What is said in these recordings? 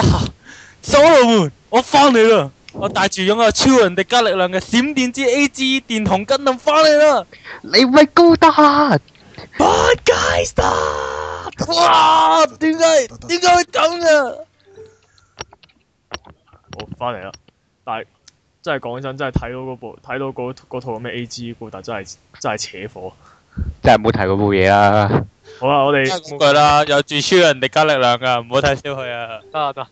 哈！啊、所羅門，我翻嚟啦！我帶住擁有超人迪加力量嘅閃電之 A 電 G 電紅金能翻嚟啦！你咪高達，我架起哇！點解點解會咁嘅、啊？我翻嚟啦！但係真係講真，真係睇到嗰部睇到嗰嗰套咩 A G 高達真係真係扯火，真係唔好提嗰部嘢啦。好啦，我哋冇計啦，有住超人迪加力量噶，唔好睇少佢啊！得啊得！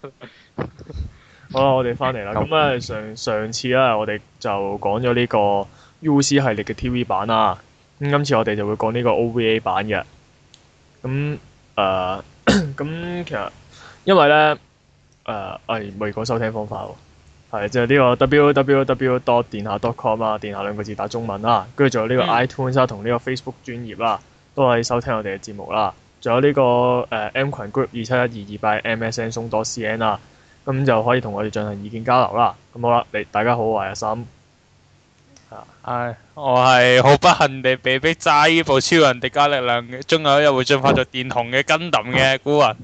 好啦，我哋翻嚟啦。咁啊，上上次咧，我哋就講咗呢個 U C 系列嘅 T V 版啦、啊。咁今次我哋就會講呢個 O V A 版嘅。咁、嗯、誒，咁其實因為咧誒，係未講收聽方法喎、哦。係，hvad Yeah. 就呢個 w w w dot、電下 dot com 啊，電下兩個字打中文啦，跟住仲有呢個 iTunes 啊，啊 s ut é 同呢個 Facebook 專頁啦、啊。多謝收聽我哋嘅節目啦，仲有呢、這個誒、呃、M 群 group 二七一二二八 MSN 松多 CN 啦。咁就可以同我哋進行意見交流啦。咁、嗯、好啦，你大家好，我係阿森。係、啊，我係好不幸地被逼揸呢部超人迪迦力量，終有一日會進化做電紅嘅根躉嘅古云。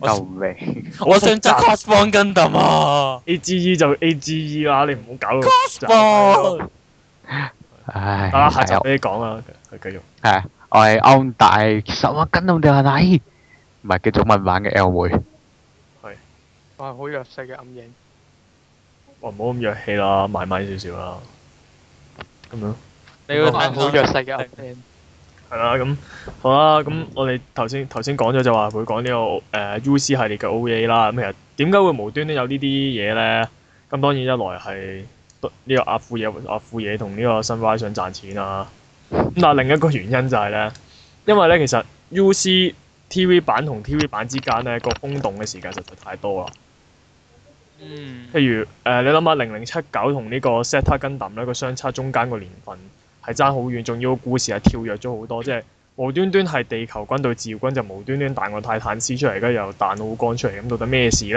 救命！我想揸 cross 邦根躉啊！A G E 就 A G E 啦，你唔好搞咯。cross、bon! 邦、啊。唉，你講唉繼啊，下集俾你講啦，去繼續。係。嗯、我係歐大十萬斤都唔掉你，唔係佢做文玩嘅 L 妹，係我係好弱勢嘅暗影。哇，唔好咁弱氣啦，埋埋少少啦，咁樣。你好弱勢嘅暗影，係啦，咁好啦，咁我哋頭先頭先講咗就話會講呢、這個誒、呃、U C 系列嘅 O V A 啦，咁其實點解會無端都有呢啲嘢咧？咁當然一來係呢、這個阿富野阿富野同呢個 Sunrise 想賺錢啊。但另一個原因就係、是、咧，因為咧其實 U C T V 版同 T V 版之間咧個空洞嘅時間實在太多啦。譬、嗯、如誒、呃，你諗下零零七九同呢個 Zeta Gundam 咧個相差中間個年份係爭好遠，仲要個故事係跳躍咗好多，即係無端端係地球軍對宇宙軍就無端端彈個泰坦斯出嚟，而家又彈奧鋼出嚟，咁、嗯、到底咩事咧？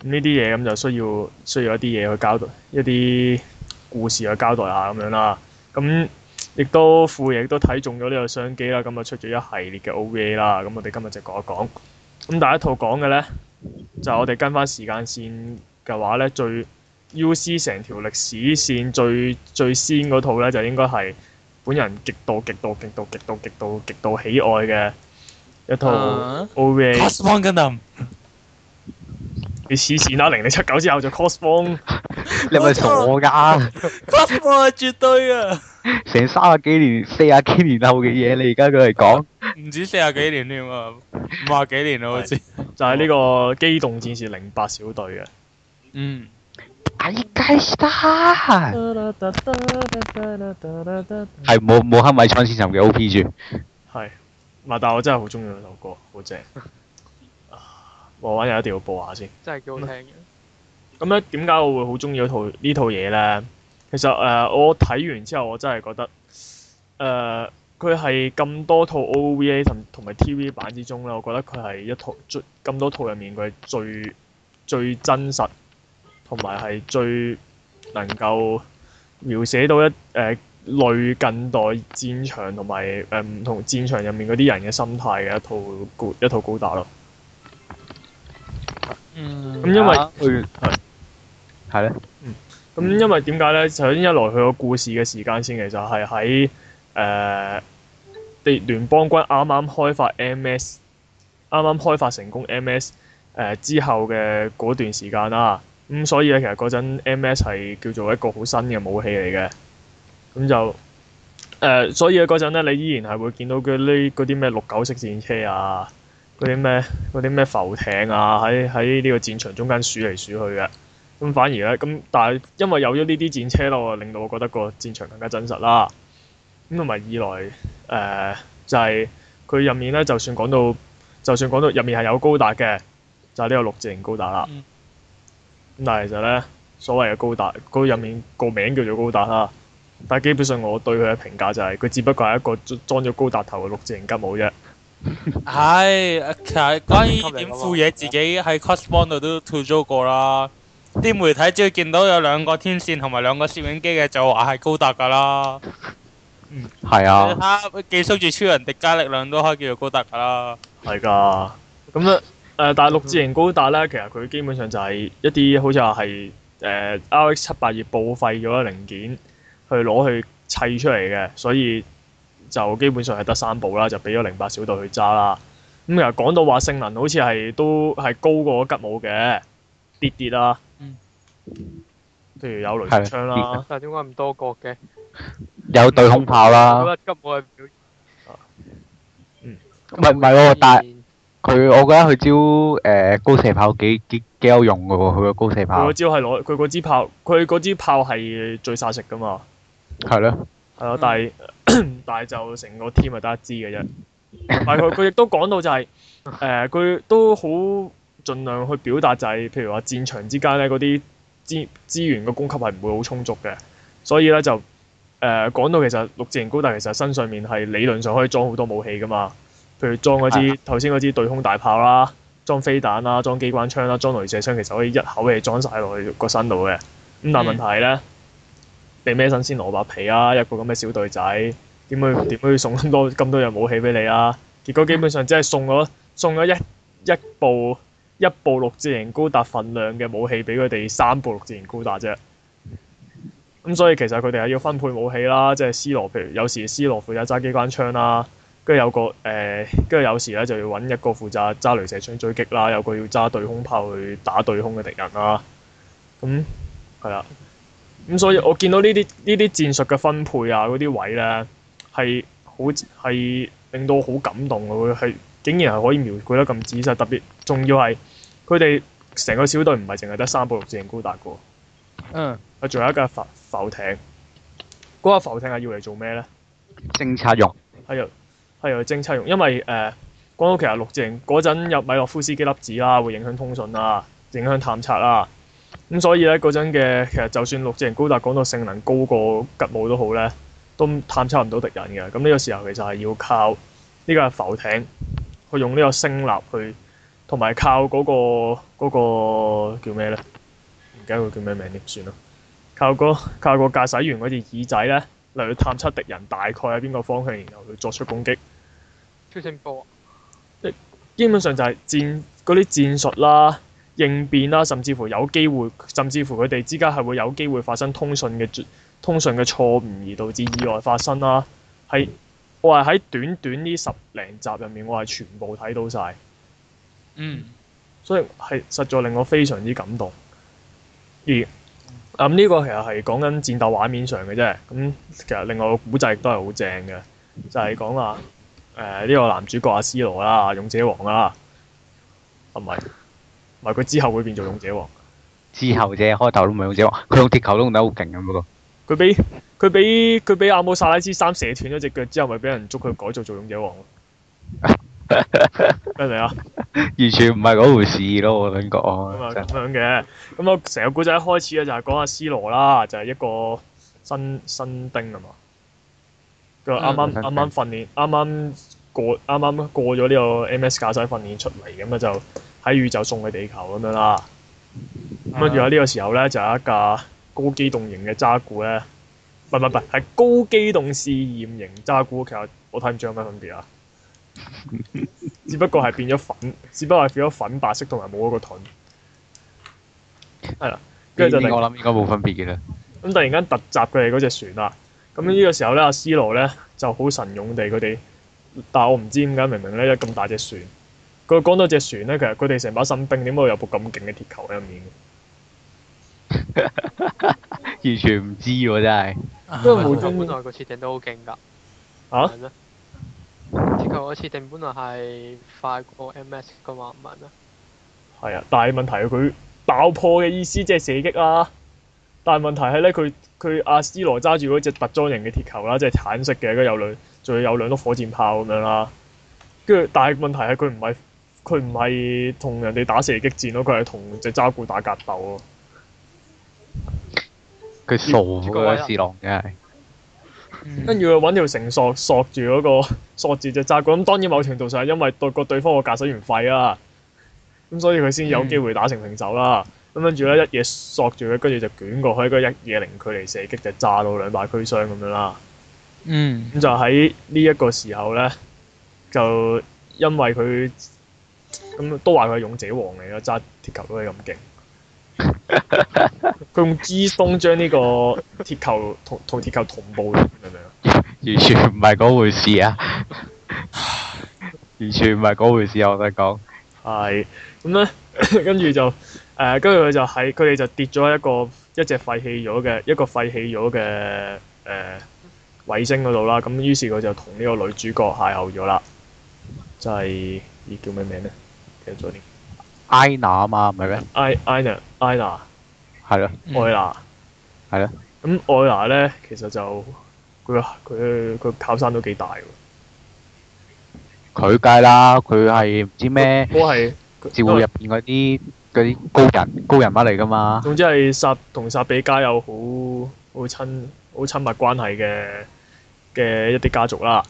咁呢啲嘢咁就需要需要一啲嘢去交代一啲故事去交代下咁樣啦。咁亦都富亦都睇中咗呢個商機啦，咁啊出咗一系列嘅 OVA 啦，咁我哋今日就講一講。咁第一套講嘅呢，就係，我哋跟翻時間線嘅話呢，最 UC 成條歷史線最最先嗰套呢，就應該係本人極度極度極度極度極度極度，度，度，度喜愛嘅一套 OVA。Uh, 你試試啦，零零七九之後就 cosphone， 你係咪傻噶？不，我係絕對啊！成三十幾年、四十幾年後嘅嘢，你而家佢嚟講？唔止四十幾年添啊，五十幾年啊。我知。是就係呢個機動戰士零八小隊嘅。嗯。係 g e 冇冇黑米穿絲尋嘅 OPG。係 唔但我真係好中意呢首歌，好正。我玩又一定要播下先。真係幾好聽嘅。咁咧點解我會好中意嗰套，呢套嘢咧？其實誒、呃，我睇完之後，我真係覺得誒，佢係咁多套 OVA 同同埋 TV 版之中咧，我覺得佢係一套咁多套入面佢係最最真實，同埋係最能夠描寫到一誒、呃、類近代戰場同埋誒唔同戰場入面嗰啲人嘅心態嘅一套一套高達咯。嗯，咁、嗯、因為係係咧，嗯，咁、嗯、因為點解咧？首先一來佢個故事嘅時間線，其實係喺誒啲聯邦軍啱啱開發 M.S. 啱啱開發成功 M.S. 誒、呃、之後嘅嗰段時間啦。咁、嗯、所以咧，其實嗰陣 M.S. 係叫做一個好新嘅武器嚟嘅。咁就誒、呃，所以咧嗰陣咧，你依然係會見到佢呢嗰啲咩六九式戰車啊。嗰啲咩？啲咩浮艇啊？喺喺呢個戰場中間鼠嚟鼠去嘅。咁反而咧，咁但係因為有咗呢啲戰車咧，就令到我覺得個戰場更加真實啦。咁同埋二來，誒、呃、就係佢入面咧，就算講到，就算講到入面係有高達嘅，就係呢個六字形高達啦。咁、嗯、但係其實咧，所謂嘅高達，佢入面個名叫做高達啦。但係基本上，我對佢嘅評價就係，佢只不過係一個裝咗高達頭嘅六字形吉姆啫。係、 哎，其實、嗯、關於點副嘢，自己喺 c o s s 幫度都吐槽過啦。啲媒體只要見到有兩個天線同埋兩個攝影機嘅，就話係高達噶啦。嗯，係啊。佢寄宿住超人迪迦力量都可以叫做高達噶啦。係噶，咁咧誒，大、呃、陸自型高達咧，其實佢基本上就係一啲好似話係誒 RX 七八二報廢咗嘅零件，去攞去砌出嚟嘅，所以。就基本上係得三步啦，就俾咗零八小隊去揸啦。咁、嗯、又實講到話性能好，好似係都係高過吉姆嘅，啲啲啦。譬、嗯、如有雷神槍啦，但係點解咁多角嘅？有對空炮啦。我覺吉姆嘅表現，唔係唔係喎，但係佢，我覺得佢招誒高射炮幾幾幾有用噶喎，佢個高射炮。佢個招係攞佢嗰支炮，佢嗰支炮係最殺食噶嘛。係咧。係咯，但係但係就成個 team 就得一支嘅啫。但係佢佢亦都講到就係、是、誒，佢、呃、都好盡量去表達就係、是，譬如話戰場之間咧嗰啲資資源嘅供給係唔會好充足嘅，所以咧就誒講、呃、到其實陸戰型高達其實身上面係理論上可以裝好多武器㗎嘛。譬如裝嗰支頭先嗰支對空大炮啦，裝飛彈啦，裝機關槍啦，裝鐳射槍，其實可以一口氣裝晒落去個身度嘅。咁但係問題咧。嗯俾咩新鮮蘿蔔皮啊！一個咁嘅小隊仔，點會點會送咁多咁多樣武器俾你啊？結果基本上即係送咗送咗一一部一部六字形高達份量嘅武器俾佢哋三部六字形高達啫。咁所以其實佢哋係要分配武器啦，即係 C 羅，譬如有時 C 羅負責揸機關槍啦，跟住有個誒，跟住有時咧就要揾一個負責揸雷射槍追擊啦，有個要揸對空炮去打對空嘅敵人啦。咁係啦！咁、嗯、所以我，我見到呢啲呢啲戰術嘅分配啊，嗰啲位咧係好係令到我好感動嘅，係竟然係可以描繪得咁仔細，特別仲要係佢哋成個小隊唔係淨係得三部陸戰型高達個，嗯，係仲有一架浮艇，嗰架浮艇係要嚟做咩咧？偵察用係啊，係用偵察用，因為誒，到、呃、其實陸戰型嗰陣有米洛夫斯基粒子啦、啊，會影響通訊啦、啊，影響探測啦、啊。咁、嗯、所以咧嗰陣嘅其實就算陸戰型高達講到性能高過吉姆都好咧，都探測唔到敵人嘅。咁呢個時候其實係要靠呢個浮艇去用呢個升力去，同埋靠嗰個嗰個叫咩咧？唔記得佢叫咩名添，算啦。靠個靠個駕駛員嗰隻耳仔咧嚟去探測敵人大概喺邊個方向，然後去作出攻擊。超聲波。即基本上就係戰嗰啲戰術啦。應變啦，甚至乎有機會，甚至乎佢哋之間係會有機會發生通訊嘅通訊嘅錯誤，而導致意外發生啦。係我係喺短短呢十零集入面，我係全部睇到晒，嗯。所以係實在令我非常之感動。而啊咁呢個其實係講緊戰鬥畫面上嘅啫，咁其實另外個古仔亦都係好正嘅，就係講啊誒呢個男主角阿斯羅啦，勇者王啦，係咪？唔係佢之後會變做勇，勇者王。之後啫，開頭都唔係勇者王，佢用鐵球都用得好勁咁嗰個。佢俾佢俾佢俾阿姆薩拉斯三射斷咗隻腳之後，咪俾人捉佢改做做勇者王咯。咩嚟啊？完全唔係嗰回事咯，我感覺咁 樣嘅，咁我成個古仔開始咧就係講阿 C 羅啦，就係、是、一個新新丁啊嘛。佢啱啱啱啱訓練，啱啱、嗯、丁過啱啱過咗呢個 MS 駕駛訓練出嚟咁啊就。喺宇宙送去地球咁樣啦，咁、嗯、啊，仲有呢個時候咧，就有一架高機動型嘅渣古咧，唔唔唔，係高機動試驗型渣古。其實我睇唔出有乜分別啊， 只不過係變咗粉，只不過係變咗粉白色同埋冇一個盾，係啦，跟住就我諗應該冇分別嘅啦。咁突然間突襲佢哋嗰隻船啦，咁呢個時候咧，阿 C 羅咧就好神勇地佢哋，但係我唔知點解明明咧有咁大隻船。佢講到隻船咧，其實佢哋成把心兵點解會有部咁勁嘅鐵球喺入面？ 完全唔知喎，真係。因為冇，啊、本來個設定都好勁㗎。嚇、啊？鐵球個設定本來係快過 MS 嘅萬萬啦。係啊，但係問題係佢爆破嘅意思即係射擊啦、啊，但係問題係咧，佢佢阿斯羅揸住嗰隻特裝型嘅鐵球啦、啊，即、就、係、是、橙色嘅，跟住有兩仲要有兩碌火箭炮咁樣啦。跟住，但係問題係佢唔係。佢唔係同人哋打射擊戰咯，佢係同隻揸鼓打格鬥咯。佢傻唔傻？士郎嘅，跟住佢揾條繩索索住嗰、嗰個索住隻揸鼓咁。當然某程度上係因為對個對方個駕駛員廢啦，咁所以佢先有機會打成平手啦。咁跟住咧一嘢索住佢，跟住就捲過去嗰一嘢零距離射擊，就炸到兩敗俱傷咁樣啦。嗯。咁就喺呢一個時候咧，就因為佢。咁都話佢係勇者王嚟咯，揸鐵球都係咁勁。佢 用支松將呢個鐵球同同鐵球同步，明唔明？完全唔係嗰回事啊！ 完全唔係嗰回事，我得講係咁咧，呢 跟住就誒，跟住佢就喺佢哋就跌咗一個一隻廢棄咗嘅一個廢棄咗嘅誒衛星嗰度啦。咁於是佢就同呢個女主角邂逅咗啦，就係、是、咦，叫咩名咧？聽咗艾娜啊嘛，唔係咩？艾艾娜，艾娜係咯，艾娜係咯。咁艾娜咧，嗯，其實就佢佢佢靠山都幾大。佢梗係啦，佢係唔知咩？都係召會入邊嗰啲嗰啲高人高人物嚟噶嘛。總之係撒同撒比加有好好親好親密關係嘅嘅一啲家族啦。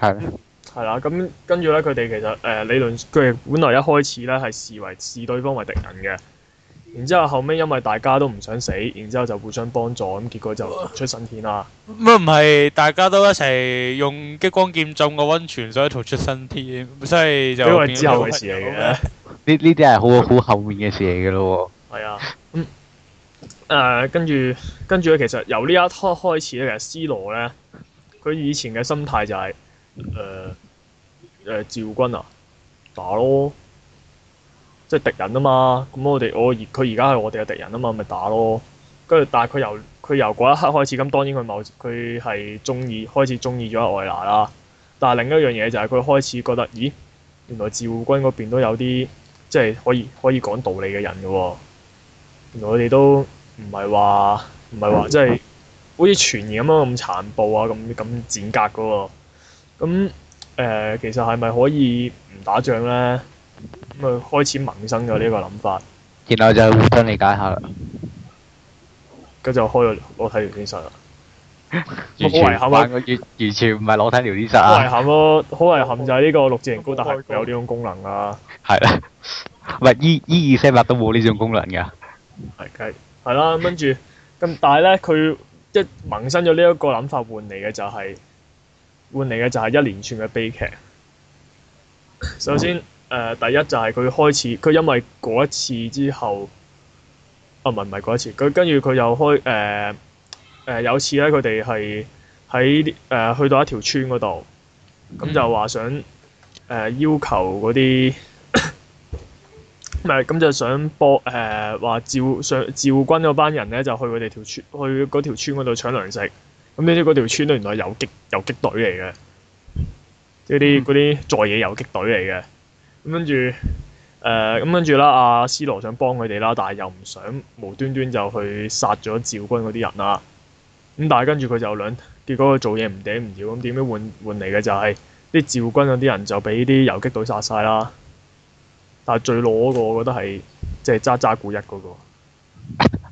係，嗯。係啦，咁、嗯、跟住咧，佢哋其實誒、呃、理論，佢哋本來一開始咧係視為視對方為敵人嘅，然之後後尾因為大家都唔想死，然之後就互相幫助，咁結果就出生天啦。乜唔係大家都一齊用激光劍浸個溫泉，所以逃出生天，所以就因為之後嘅事嚟嘅呢呢啲係好好後面嘅事嚟嘅咯。係啊， 嗯，誒、呃，跟住跟住咧，其實由呢一開開始咧，其實 C 羅咧，佢以前嘅心態就係、是、誒。呃誒趙軍啊，打咯！即係敵人啊嘛，咁我哋我而佢而家係我哋嘅敵人啊嘛，咪打咯。跟住，但係佢由佢由嗰一刻開始，咁當然佢某佢係鍾意開始鍾意咗愛娜啦。但係另一樣嘢就係佢開始覺得，咦，原來趙軍嗰邊都有啲即係可以可以講道理嘅人㗎喎、哦。原來佢哋都唔係話唔係話，即係、就係嗯、好似傳言咁樣咁殘暴啊，咁咁賤格㗎喎。咁誒、呃，其實係咪可以唔打仗咧？咁啊，開始萌生咗呢、呢個諗法。然後就互相理解下啦。咁就開咗裸體聊天室啦。完全。玩個越完全唔係裸體聊天室啊。好遺憾咯！好遺憾就係呢個六字形高達有呢種功能啊。係啦。唔係，一、二、四八都冇呢種功能㗎。係。係啦，跟住咁，但係咧，佢一萌生咗呢一個諗法，換嚟嘅就係。換嚟嘅就係一連串嘅悲劇。首先，誒、呃、第一就係佢開始，佢因為嗰一次之後，啊唔係唔係嗰一次，佢跟住佢又開誒誒、呃呃、有次咧，佢哋係喺誒去到一條村嗰度，咁就話想誒、呃、要求嗰啲，唔係咁就想博誒話趙上趙軍嗰班人咧，就去佢哋條村去嗰條村嗰度搶糧食。咁呢啲嗰條村咧，原來係游擊遊擊隊嚟嘅，即係啲嗰啲在野游擊隊嚟嘅。咁跟住，誒、呃，咁跟住啦，阿、啊、斯羅想幫佢哋啦，但係又唔想無端端就去殺咗趙軍嗰啲人啦。咁但係跟住佢就兩，結果佢做嘢唔頂唔住，咁點樣換換嚟嘅就係啲趙軍嗰啲人就俾啲游擊隊殺晒啦。但係最攞嗰個，我覺得係即係渣渣古一嗰、那個。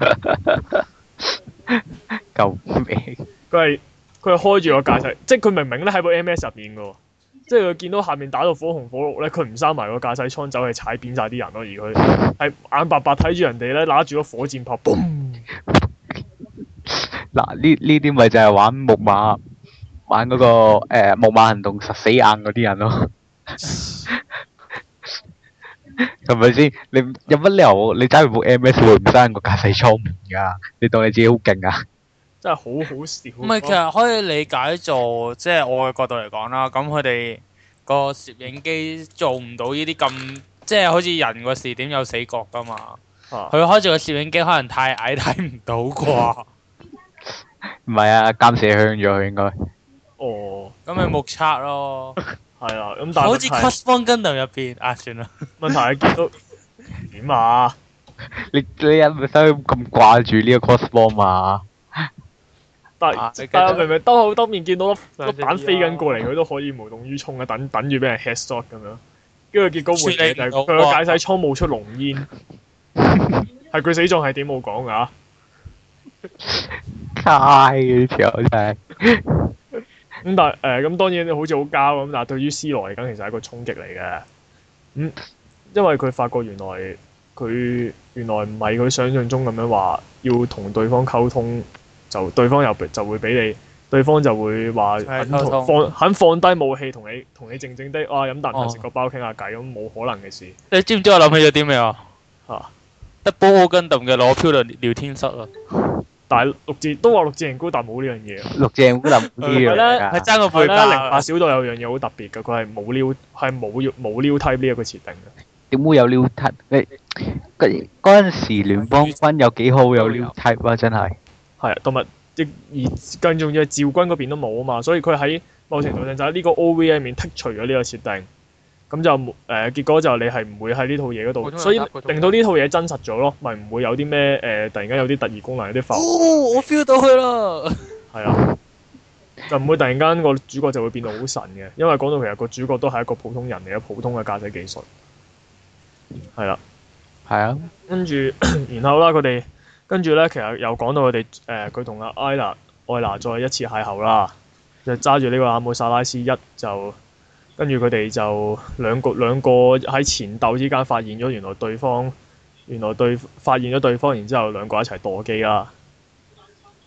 救命！佢係佢係開住個駕駛，即係佢明明咧喺部 M.S. 入面噶，即係佢見到下面打到火紅火綠咧，佢唔閂埋個駕駛艙走，去踩扁晒啲人咯。而佢係眼白白睇住人哋咧，拿住個火箭炮，嘣！嗱，呢呢啲咪就係玩木馬，玩嗰、嗰個誒、呃、木馬行動實死硬嗰啲人咯，係咪先？你有乜理由？你揸住部 M.S. 會唔閂個駕駛艙門噶？你當你自己好勁啊！真係好好笑。唔係，其實可以理解做即係我嘅角度嚟講啦。咁佢哋個攝影機做唔到呢啲咁，即係好似人個視點有死角噶嘛。佢開住個攝影機可能太矮睇唔到啩。唔係啊，監視器咗佢應該。哦，咁咪目測咯。係啦，咁但係好似 cosplay 跟斗入邊啊，算啦。問題係點啊？你你一心咁掛住呢個 cosplay 嘛？但、啊、但明明兜口兜面見到粒粒彈飛緊過嚟，佢都可以無動於衷嘅，等等住俾人 head shot 咁樣。跟住結果換嘅就佢、是、解晒槍冒出濃煙，係佢 死狀係點冇講嚇。閪嘅條咁但誒咁、呃、當然好似好膠咁，但對於 C 羅嚟講其實係一個衝擊嚟嘅。嗯，因為佢發覺原來佢原來唔係佢想象中咁樣話要同對方溝通。就對方又就會俾你，對方就會話肯放肯放低武器，同你同你靜靜哋哇飲啖茶，食個包傾下偈咁，冇可能嘅事。你知唔知我諗起咗啲咩啊？嚇，得波好根頓嘅攞飄亮聊天室啊！但係六字都話六字形高達，但冇呢樣嘢。六字形高達冇呢樣嘢。係爭個背架。零八小隊有樣嘢好特別㗎，佢係冇撩係冇冇 Newtype 呢一個設定嘅。點會有 Newtype？你嗰嗰陣時聯邦軍有幾好有 Newtype 啊！真係。係啊，同埋，亦而更重要係趙軍嗰邊都冇啊嘛，所以佢喺某程度上就喺呢個 O.V.A. 入面剔除咗呢個設定，咁就誒、呃、結果就你係唔會喺呢套嘢嗰度，所以令到呢套嘢真實咗咯，咪唔會有啲咩誒突然間有啲特異功能有啲浮誇。哦，我 feel 到佢啦。係啊，就唔會突然間個主角就會變到好神嘅，因為講到其實個主角都係一個普通人嚟嘅，普通嘅駕駛技術。係啦。係啊。啊跟住著， 然後啦，佢哋。跟住咧，其實又講到佢哋誒，佢同阿艾娜、艾娜再一次邂逅啦，就揸住呢個阿姆薩拉斯一就跟住佢哋就兩個兩個喺前鬥之間發現咗原來對方，原來對發現咗對方，然之後兩個一齊墮機啦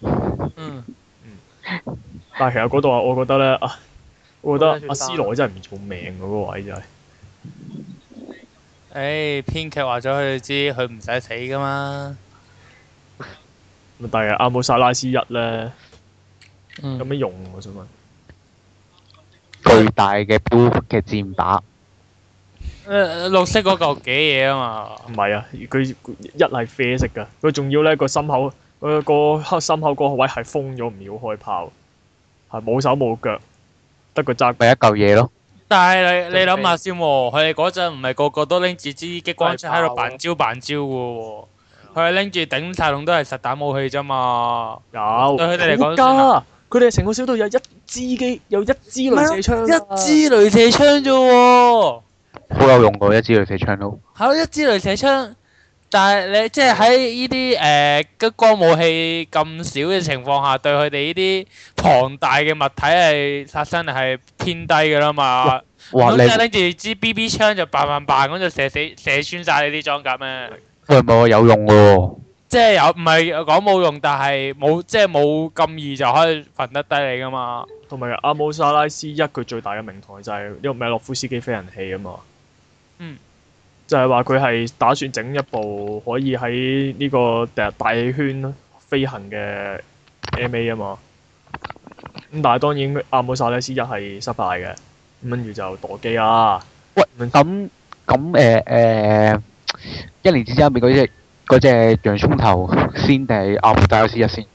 嗯。嗯。但係其實嗰度我覺得咧啊，我覺得阿斯羅真係唔做命嗰個位就係。誒、哎，編劇話咗佢哋知，佢唔使死噶嘛。但係阿姆薩拉斯一咧、嗯、有咩用我想問？巨大嘅 b 刀嘅戰打、呃，誒綠色嗰嚿幾嘢啊嘛？唔係啊，佢一係啡色噶，佢仲要咧個心口，呃、個個心口嗰個位係封咗，唔要開炮，係冇手冇腳，得個扎第飛一嚿嘢咯。但係你你諗下先、哦，佢哋嗰陣唔係個個都拎住支激光槍喺度扮招扮招噶喎。佢拎住頂晒籠都係實彈武器啫嘛，有。對佢哋嚟講，佢哋成個小隊有一支機，有一支鐳射槍，啊，一支鐳射槍啫喎。好有用噶，一支鐳射槍囉。係，一支鐳射槍，但係你即係喺呢啲誒激光武器咁少嘅情況下，對佢哋呢啲龐大嘅物體係殺傷力係偏低噶啦嘛。咁而家拎住支 B B 槍就扮扮扮，咁就射死射穿晒你啲裝甲咩？佢唔係話有用嘅，即係有，唔係講冇用，但係冇，即係冇咁易就可以瞓得低你噶嘛。同埋阿姆薩拉斯一，佢最大嘅名堂就係呢個米洛夫斯基飛人器啊嘛。嗯。就係話佢係打算整一部可以喺呢個第大氣圈飛行嘅 MA 啊嘛。咁但係當然，阿姆薩拉斯一係失敗嘅，跟住就墮機啊。喂，咁咁誒誒。一年之爭，變嗰隻嗰隻洋蔥頭先定係阿姆薩斯一先？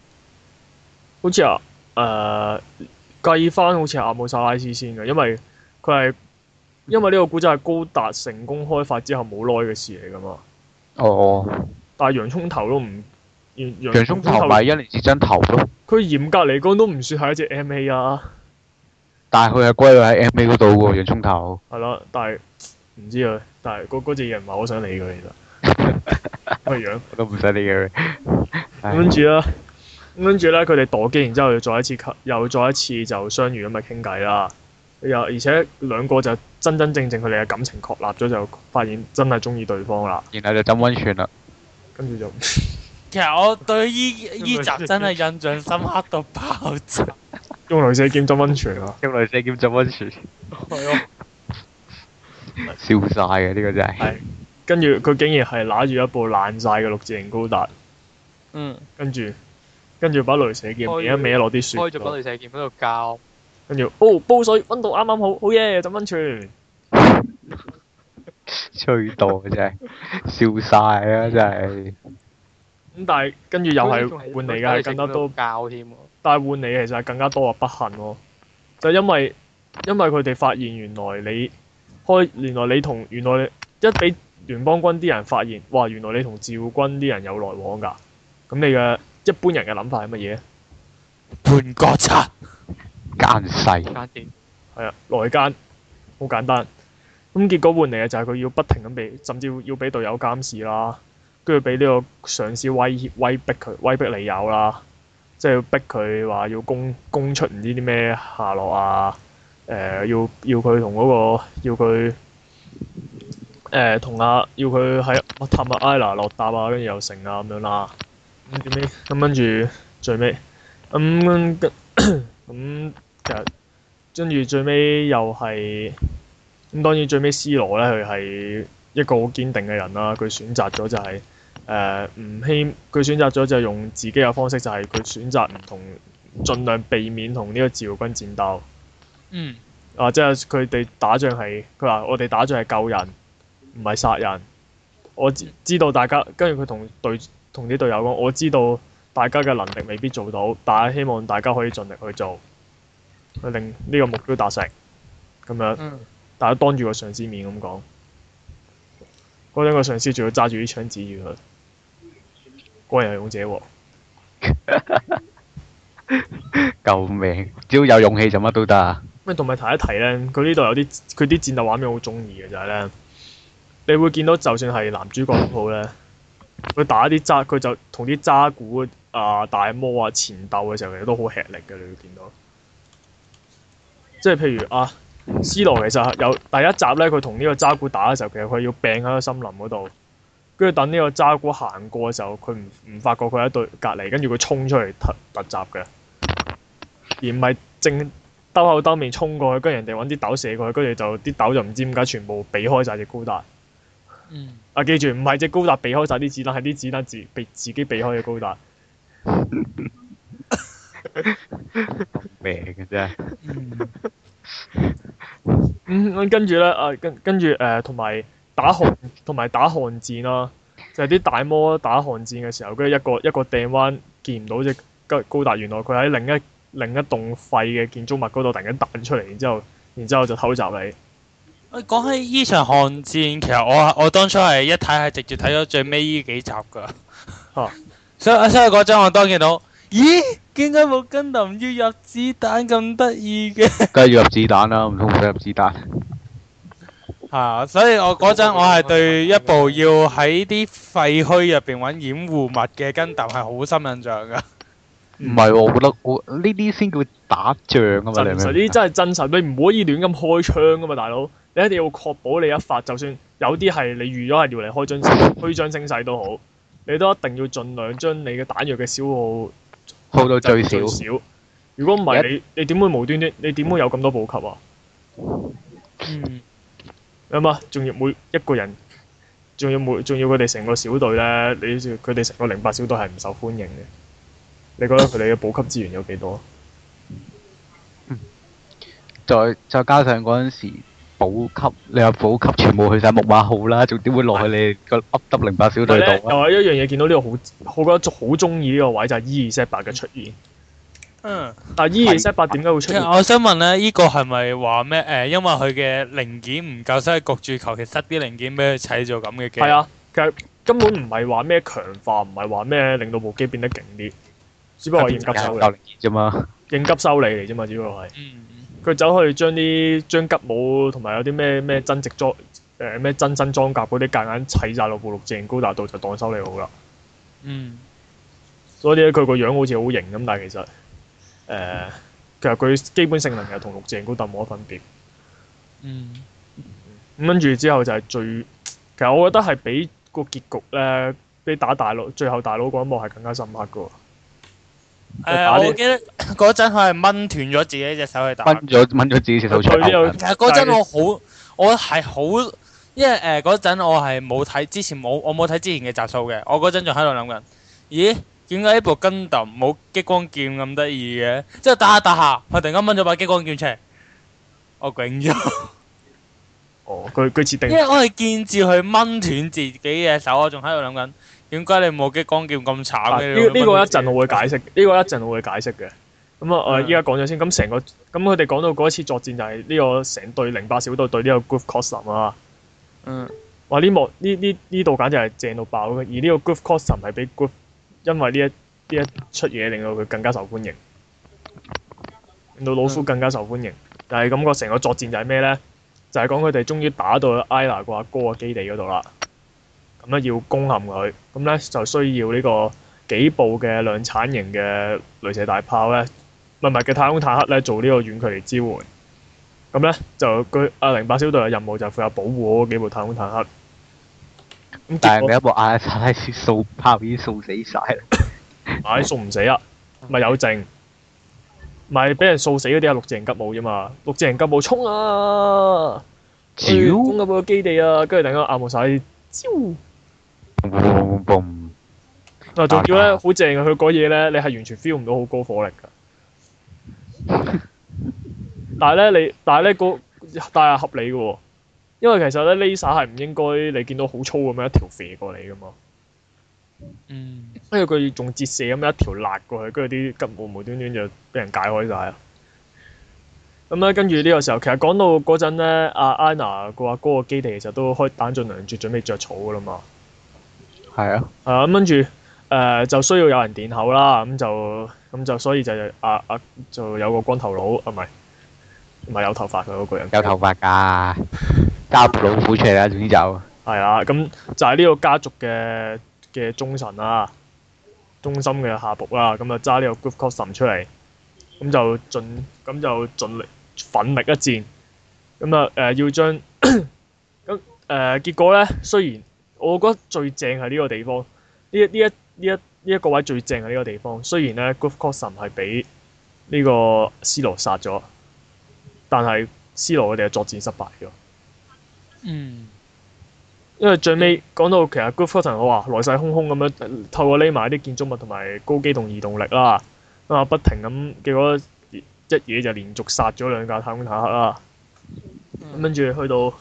好似啊，誒、呃，計翻好似阿姆薩拉斯先嘅，因為佢係因為呢個古仔係高達成功開發之後冇耐嘅事嚟噶嘛。哦，哦。哦，但係洋蔥頭都唔，洋蔥頭咪一年之爭頭咯。佢嚴格嚟講都唔算係一隻 M A 啊。但係佢係歸到喺 M A 嗰度嘅洋蔥頭。係咯，但係唔知佢。但係嗰嗰隻嘢唔係好想理佢，其實咩樣？ 我都唔使理佢。跟住啦，跟住咧，佢哋墮機，然之後又再一次吸，又再一次就相遇咁咪傾偈啦。又而且兩個就真真正正佢哋嘅感情確立咗，就發現真係中意對方啦。然後就浸溫泉啦，跟住就。其實我對呢呢 集真係印象深刻到爆炸。 用女仔肩浸溫泉啊！用女仔肩浸溫泉。係 啊、 喔。笑晒嘅呢個真係，係跟住佢竟然係拿住一部爛晒嘅六字形高達，嗯，跟住跟住把鐳射劍，而家攞啲雪，開咗把鐳射劍喺度教，跟住哦煲水溫度啱啱好，好耶浸溫泉，吹到真係，笑晒啊真係，咁但係跟住又係換你嘅，更加多教添，但係換你其實係更加多嘅不幸咯，就因為因為佢哋發現原來你。開，原來你同原來你一俾聯邦軍啲人發現，哇！原來你同趙軍啲人有來往㗎。咁你嘅一般人嘅諗法係乜嘢？叛國賊，奸細。奸點？係啊，內奸。好簡單。咁結果換嚟嘅就係佢要不停咁俾，甚至要俾隊友監視啦，跟住俾呢個上司威脅威逼佢，威逼你有啦，即係要逼佢話要供供出唔知啲咩下落啊。誒、呃、要要佢同嗰個要佢誒同阿要佢喺我探阿艾娜落搭啊，跟住又成啊咁樣啦。咁最尾跟住最尾咁咁其實跟住最尾又係咁、嗯、當然最尾 C 羅咧，佢係一個好堅定嘅人啦。佢選擇咗就係誒唔希佢選擇咗就係用自己嘅方式，就係佢選擇唔同，盡量避免同呢個自由軍戰鬥。嗯，啊，即係佢哋打仗係，佢話我哋打仗係救人，唔係殺人。我知知道大家，跟住佢同隊同啲隊友講，我知道大家嘅能力未必做到，但係希望大家可以盡力去做，去令呢個目標達成。咁樣，嗯、大家當住個上司面咁講，嗰陣個上司仲要揸住啲槍指住佢，個人勇者喎、啊。 救命！只要有勇氣就乜都得。啊。咁同埋提一提咧，佢、就是、呢度有啲佢啲戰鬥畫面好中意嘅就係咧，你會見到就算係男主角都好咧，佢打啲渣，佢就同啲渣古啊、呃、大魔啊纏鬥嘅時候，其實都好吃力嘅，你會見到。即係譬如啊，C 羅其實有第一集咧，佢同呢個渣古打嘅時候，其實佢要病喺個森林嗰度，跟住等呢個渣古行過嘅時候，佢唔唔發覺佢喺對隔離，跟住佢衝出嚟突突襲嘅，而唔係正。兜口兜面衝過去，跟住人哋揾啲豆射過去，跟住就啲豆就唔知點解全部避開晒隻高達。嗯、啊，記住，唔係隻高達避開晒啲子彈，係啲子彈自己避開隻高達。咩嘅啫。嗯，跟住咧，啊，跟着啊跟住同埋打寒，同埋打寒戰啦、啊，就係、是、啲大魔打寒戰嘅時候，跟住一個一個掟彎，見唔到隻高高達，原來佢喺另一。另一棟廢嘅建築物嗰度突然間彈出嚟，然之後，然之後就偷襲你。喂，講起呢場寒戰，其實我我當初係一睇係直接睇咗最尾呢幾集噶。哦、 啊，所所以嗰陣我當見到，咦，點解冇 Gundam 要入子彈咁得意嘅？梗 係要入子彈啦，唔通唔使入子彈？係、 啊、所以我嗰陣我係對一部要喺啲廢墟入邊揾掩護物嘅 Gundam 係好深印象噶。唔係、哦、我覺得呢啲先叫打仗啊嘛，實你啲真係真實，你唔可以亂咁開槍噶嘛，大佬！你一定要確保你一發，就算有啲係你預咗係要嚟開槍、虛張聲勢都好，你都一定要盡量將你嘅彈藥嘅消耗耗到最少。最少。如果唔係你，你點一會無端端？你點會有咁多補給啊？嗯。係嘛？仲要每一個人，仲要每，仲要佢哋成個小隊咧，你佢哋成個零八小隊係唔受歡迎嘅。你覺得佢哋嘅補給資源有幾多？嗯。再再加上嗰陣時補給，你話補給全部去晒木馬號啦，仲點會落去你個 W 零八小隊度？又一樣嘢，見到呢個好，我覺得好中意呢個位就係、是、E 二七八嘅出現。嗯，但係 E 二七八點解會出現？我想問呢、啊，呢、這個係咪話咩？誒、呃，因為佢嘅零件唔夠，所以焗住求其塞啲零件俾佢砌咗咁嘅機。係啊，根本唔係話咩強化，唔係話咩令到部機變得勁啲。只不過係應急修理，應急修理嚟啫嘛。只不過係佢走去將啲將吉姆同埋有啲咩咩真植裝誒、咩真身裝甲嗰啲夾硬砌晒落部陸戰高達度，就當修理好啦。嗯，所以咧，佢個樣好似好型咁，但係其實誒、呃，其實佢基本性能又同陸戰高達冇乜分別。嗯。咁跟住之後就係最其實，我覺得係比個結局咧，比打大佬最後大佬嗰一幕係更加深刻噶。係、呃、你我記得嗰陣佢係掹斷咗自己隻手去打。掹咗，掹咗自己隻手出嚟。其實嗰陣我好，我係好，因為誒嗰陣我係冇睇之前冇，我冇睇之前嘅集數嘅。我嗰陣仲喺度諗緊，咦？點解呢部《高達》冇激光劍咁得意嘅？即係打下打下，佢突然間掹咗把激光劍出嚟，我拱咗。 哦，佢佢設定。因為我係見住佢掹斷自己嘅手，我仲喺度諗緊。點解你冇激光劍咁慘呢呢、啊這個、個一陣我會解釋，呢、啊、個一陣我會解釋嘅。咁、嗯嗯、啊，我依家講咗先。咁、嗯、成、嗯、個，咁佢哋講到嗰一次作戰就係呢、這個成隊零八小隊對呢個 Gouf Custom 啊。嗯。哇！呢幕呢呢呢度簡直係正到爆嘅，而呢個 Gouf Custom 係比 Gouf 因為呢一呢一出嘢令到佢更加受歡迎，令到老夫更加受歡迎。嗯、但係感覺成個作戰就係咩呢？就係、是、講佢哋終於打到咗 Aina 個阿哥個基地嗰度啦。咁咧要攻陷佢，咁咧就需要呢個幾部嘅量產型嘅鐳射大炮咧，密密嘅太空坦克咧做呢個遠距離支援。咁咧就佢阿零八小隊嘅任務就係負責保護我嗰幾部太空坦克。咁但係每一部阿一排掃炮已經掃，掃，掃，掃，掃，掃，掃死曬。咪掃唔死啊？咪有剩。咪俾人掃死嗰啲係六隻人吉姆啫嘛？六隻人吉姆衝啊！去攻嗰個基地啊！跟住突然間壓冇曬。呃呃嗱，仲要咧，好正啊！佢講嘢咧，你係完全 feel 唔到好高火力噶。 但係咧，你但係咧個但係合理嘅、哦，因為其實咧 LISA 係唔應該你見到好粗咁樣一條射過嚟噶嘛。嗯。跟住佢仲折射咁樣一條辣過去，跟住啲根毛無端端就俾人解開晒。啊、嗯。咁咧，跟住呢個時候，其實講到嗰陣咧，阿、啊、Aina 嘅阿哥個基地其實都開彈盡糧絕，準備着，着草噶啦嘛。係啊，啊咁跟住，誒、呃、就需要有人墊後啦，咁就咁就所以就啊啊就有個光頭佬，唔係唔係有頭髮嘅嗰個人，有頭髮㗎，家、那、部、個、 老虎出嚟啦，總之有、嗯嗯、就係啊，咁就係呢個家族嘅嘅忠臣啊，中心嘅下僕啦，咁就揸呢個 group custom 出嚟，咁、嗯、就盡咁、嗯、就盡力奮力一戰，咁啊誒要將咁誒、 嗯呃、結果咧雖然。我覺得最正係呢個地方，呢一呢一呢一呢一個位最正係呢個地方。雖然呢 Good Fortune 係俾呢個 C 羅殺咗，但係 C 羅佢哋係作戰失敗咗。嗯。因為最尾講到，其實 Good Fortune 話，來勢洶洶咁樣，透過匿埋啲建築物同埋高機動移動力啦，啊，不停咁結果一嘢就連續殺咗兩架太空坦克啦。咁跟住去到，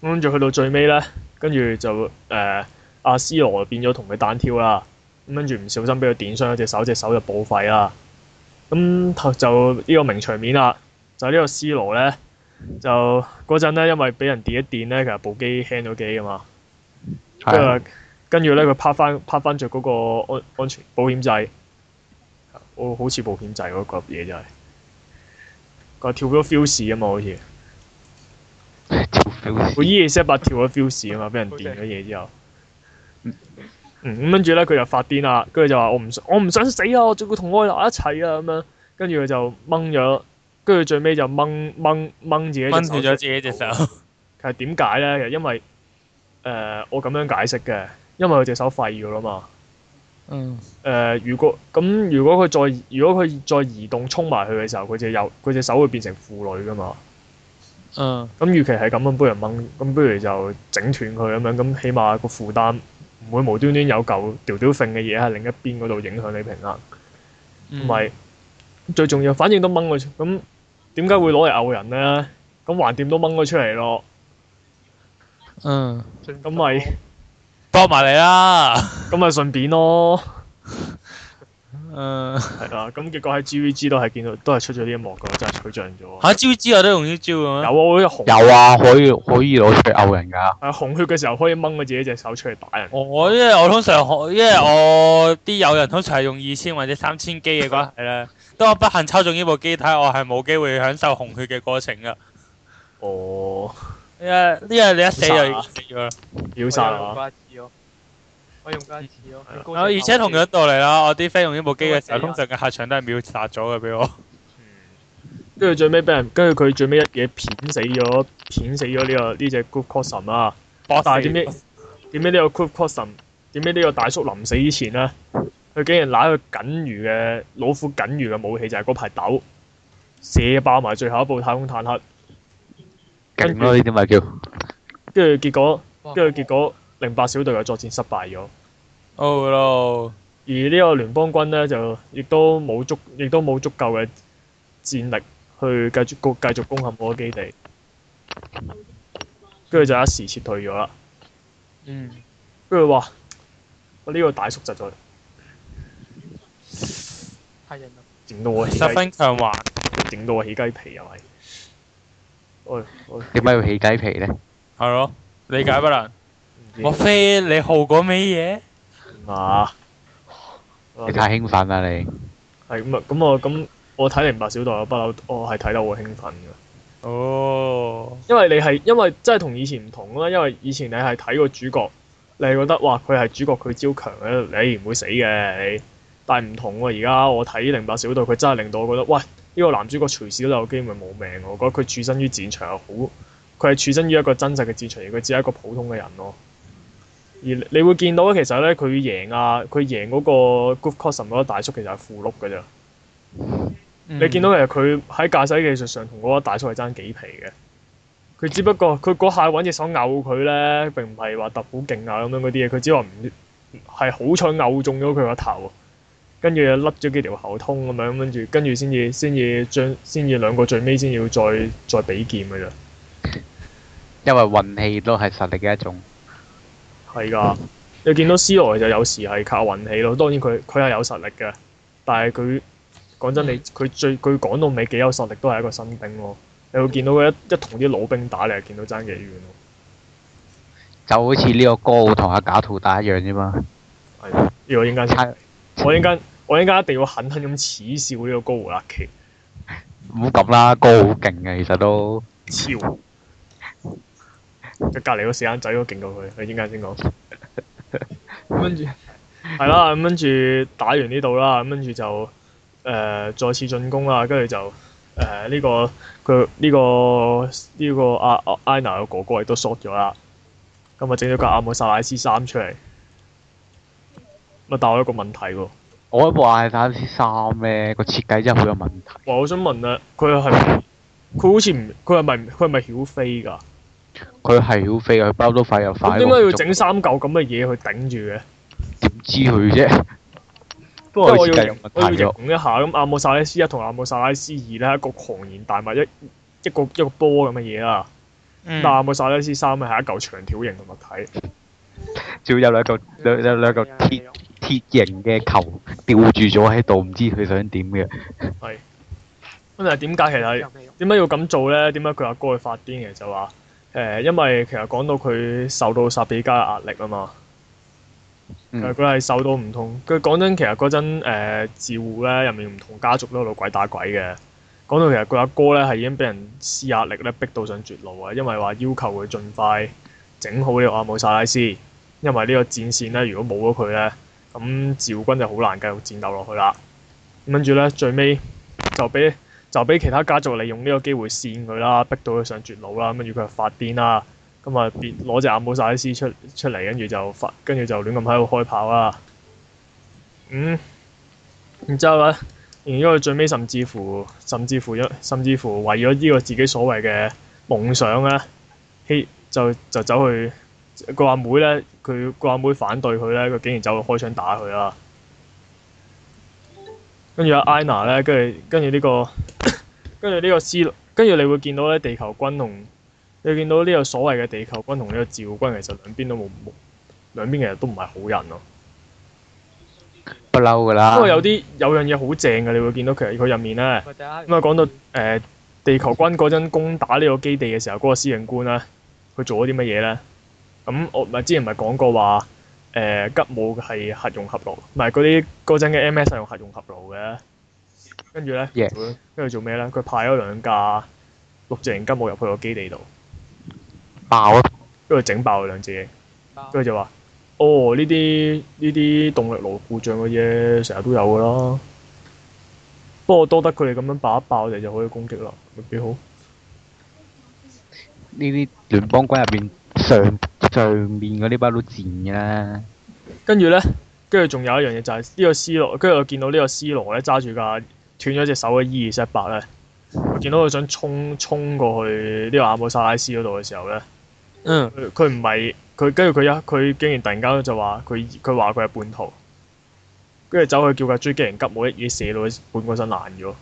跟住去到最尾呢。跟住就誒阿 C 羅變咗同佢單挑啦，咁跟住唔小心俾佢電傷一隻手，隻手就報廢啦。咁、嗯、就呢個名場面啦，就個呢個 C 羅咧，就嗰陣咧因為俾人電一電咧，其實部機 hang 咗機啊嘛。的跟住，跟住咧佢趴翻趴翻着嗰個安安全保險掣、哦，好似保險掣嗰個嘢就係、是。佢跳咗 fuse 啊嘛，好似～佢依二四一八跳咗 fuse 啊嘛，俾人電咗嘢之後，咁跟住咧，佢就發癲啦，跟住就話我唔我唔想死啊，我仲要同愛娜一齊啊咁樣，跟住佢就掹咗，跟住最尾就掹掹掹自己。掹斷咗自己隻手。其實點解咧？因為誒、呃、我咁樣解釋嘅，因為佢隻手廢咗啦嘛。嗯、呃。如果咁如果佢再如果佢再移動衝埋去嘅時候，佢隻右佢隻手會變成婦女噶嘛。嗯，咁與其係咁樣，咁不如掹，咁不如就整斷佢咁樣，咁起碼個負擔唔會無端端有嚿條條揈嘅嘢喺另一邊嗰度影響你平衡，同埋、嗯、最重要，反正都掹佢，咁點解會攞嚟嘔人咧？咁橫掂都掹佢出嚟咯。嗯，咁咪搏埋你啦，咁 咪順便咯。誒，係啦、uh, 咁結果喺 GVG 都係見到，都係出咗啲一幕噶，真、就、係、是、取象咗。吓、啊，GVG 我都用呢招嘅有啊，有啊，可以可以攞出嚟勾人噶。啊，紅血嘅時候可以掹我自己一隻手出嚟打人。我、哦、因為，我通常因為我啲、嗯、友人通常係用二千或者三千機嘅話，係啦，當我不幸抽中呢部機，睇我係冇機會享受紅血嘅過程噶。哦，因為因為你一死就死咗，秒殺我用戒，而且同樣道理啦，我啲 friend 用呢部機嘅時候，通常嘅下場都係秒殺咗嘅俾我。嗯。跟住最尾俾人，跟住佢最尾一嘢片死咗，片死咗呢個呢隻 Group Core 啦。神啊！但係點知，點解呢個 Group Core 神？點解呢個大叔臨死之前呢，佢竟然攞個僅餘嘅老虎僅餘嘅武器，就係嗰排豆，射爆埋最後一部太空坦克。勁咯！呢啲咪叫？跟住結果，跟住結果。零八小隊又作戰失敗咗，O 啦。而呢個聯邦軍呢就亦都冇足，亦都冇足夠嘅戰力去繼續攻繼續攻陷嗰個基地，跟住就一時撤退咗啦。嗯。跟住話，我呢個大叔就再，係啊！整到我十分強橫，整到我起雞皮啊！為點解要起雞皮呢？係咯，理解不能。莫 Yeah. 非你好過咩嘢啊？你太興奮啦！你係咁啊？咁我咁我睇零八小隊啊，不嬲，我係睇得好興奮噶。哦，因為你係因為真係同以前唔同啦。因為以前你係睇個主角，你係覺得哇，佢係主角，佢超強嘅，你唔會死嘅。你但係唔同喎，而家我睇零八小隊，佢真係令到我覺得喂，呢、這個男主角隨時都有機會冇命嘅。我覺得佢處身於戰場又好，佢係處身於一個真實嘅戰場，而佢只係一個普通嘅人咯。而你會見到其實咧，佢贏啊，佢贏嗰個 Golf Course 嗰個大叔其實係負碌嘅咋，你見到其實佢喺駕駛技術上同嗰個大叔係爭幾皮嘅。佢只不過佢嗰下揾隻手拗佢咧，並唔係話突好勁啊咁樣嗰啲嘢，佢只話唔係好彩拗中咗佢個頭。跟住又甩咗幾條喉通咁樣，跟住跟住先至先至將先至兩個最尾先要再再比劍嘅啫。因為運氣都係實力嘅一種。係噶，你見到 C 朗就有時係靠運氣咯。當然佢佢係有實力嘅，但係佢講真，你佢最佢講到尾幾有實力，都係一個新兵咯。你會見到佢一一同啲老兵打，你係見到爭幾遠咯。就好似呢個高同阿假圖打一樣啫嘛。呢我陣間差，我陣間我陣間一定要狠狠咁恥笑呢個高胡拉奇。唔好咁啦，高好勁嘅，其實都。超。隔籬嗰四眼仔都勁過佢，你陣間先講。跟住係啦，跟住打完呢度啦，跟住就誒、呃、再次進攻啦，跟住就誒呢、呃這個佢呢、這個呢、這個阿阿艾娜嘅哥哥亦都 short 咗啦，咁啊整咗個阿姆薩拉斯衫出嚟，咪帶我一個問題喎？我話部姆薩拉斯衫咧、這個設計真係好有問題。我、啊、我想問啊，佢係咪佢好似唔佢係咪佢係咪曉飛噶？佢係要飛啊！佢包都快又快樂。咁點解要整三嚿咁嘅嘢去頂住嘅？點知佢啫？ 不過我要 我要， 我要一下，咁阿姆薩雷斯一同阿姆薩雷斯二咧，一個龐然大物一一個一個波咁嘅嘢啦。嗯、但阿姆薩雷斯三咧係一嚿長條形嘅物體，仲、嗯、有兩嚿兩有兩嚿鐵鐵型嘅球吊住咗喺度，唔知佢想點嘅。係 咁但係點解其實點解要咁做咧？點解佢阿哥去發癲嘅就話？誒，因為其實講到佢受到薩比家嘅壓力啊嘛，佢佢係受到唔同。佢講真，其實嗰陣誒，自、呃、護咧入面唔同家族都喺度鬼打鬼嘅。講到其實佢阿哥咧係已經俾人施壓力咧，逼到上絕路啊，因為話要求佢盡快整好呢個阿姆薩拉斯，因為呢個戰線咧如果冇咗佢咧，咁自護軍就好難繼續戰鬥落去啦。跟住咧，最尾就俾。就俾其他家族利用呢個機會扇佢啦，逼到佢上絕路啦，跟住佢就發癲啦，咁啊攞隻阿姆薩伊斯出出嚟，跟住就發，跟住就亂咁喺度開炮啦。嗯，然之後咧，然之後最尾甚至乎，甚至乎甚至乎為咗呢個自己所謂嘅夢想咧，就就走去個阿妹咧，佢個阿妹反對佢咧，佢竟然走去開槍打佢啦。跟住阿艾娜咧，跟住跟住呢個跟住呢個私，跟住你會見到咧，地球軍同你會見到呢個所謂嘅地球軍同呢個自護軍，其實兩邊都冇冇，兩邊其實都唔係好人咯。不嬲㗎喇。不過有啲有樣嘢好正嘅，你會見到其實佢入面咧，咁啊講到誒地球軍嗰陣、呃、攻打呢個基地嘅時候，嗰、嗰個司令官咧，佢做咗啲乜嘢咧？咁、嗯、我咪之前咪講過話。誒吉姆係核融合爐，唔係嗰啲嗰陣嘅 M.S. 係用核融合爐嘅。跟住咧，跟住做咩咧？佢派咗兩架陸戰型吉姆入去個基地度，爆咯。跟住整爆佢兩隻，跟住就話：哦，呢啲呢啲動力爐故障嘅嘢成日都有㗎啦。不過多得佢哋咁樣爆一爆，我哋就可以攻擊啦，咪幾好？呢啲聯邦軍入邊上。上面嗰啲包都賤嘅啦，跟住咧，跟住仲有一樣嘢就係、是、呢、這個 C 羅，跟住我見到呢個 C 羅咧揸住架斷咗隻手嘅 e 二七八咧，我見到佢想衝衝過去呢個阿姆薩拉斯嗰度嘅時候咧，嗯，佢唔係佢跟住佢一佢竟然突然間就話佢佢話佢係叛徒。跟住走去叫架追擊人急舞已經射到佢半個身爛咗，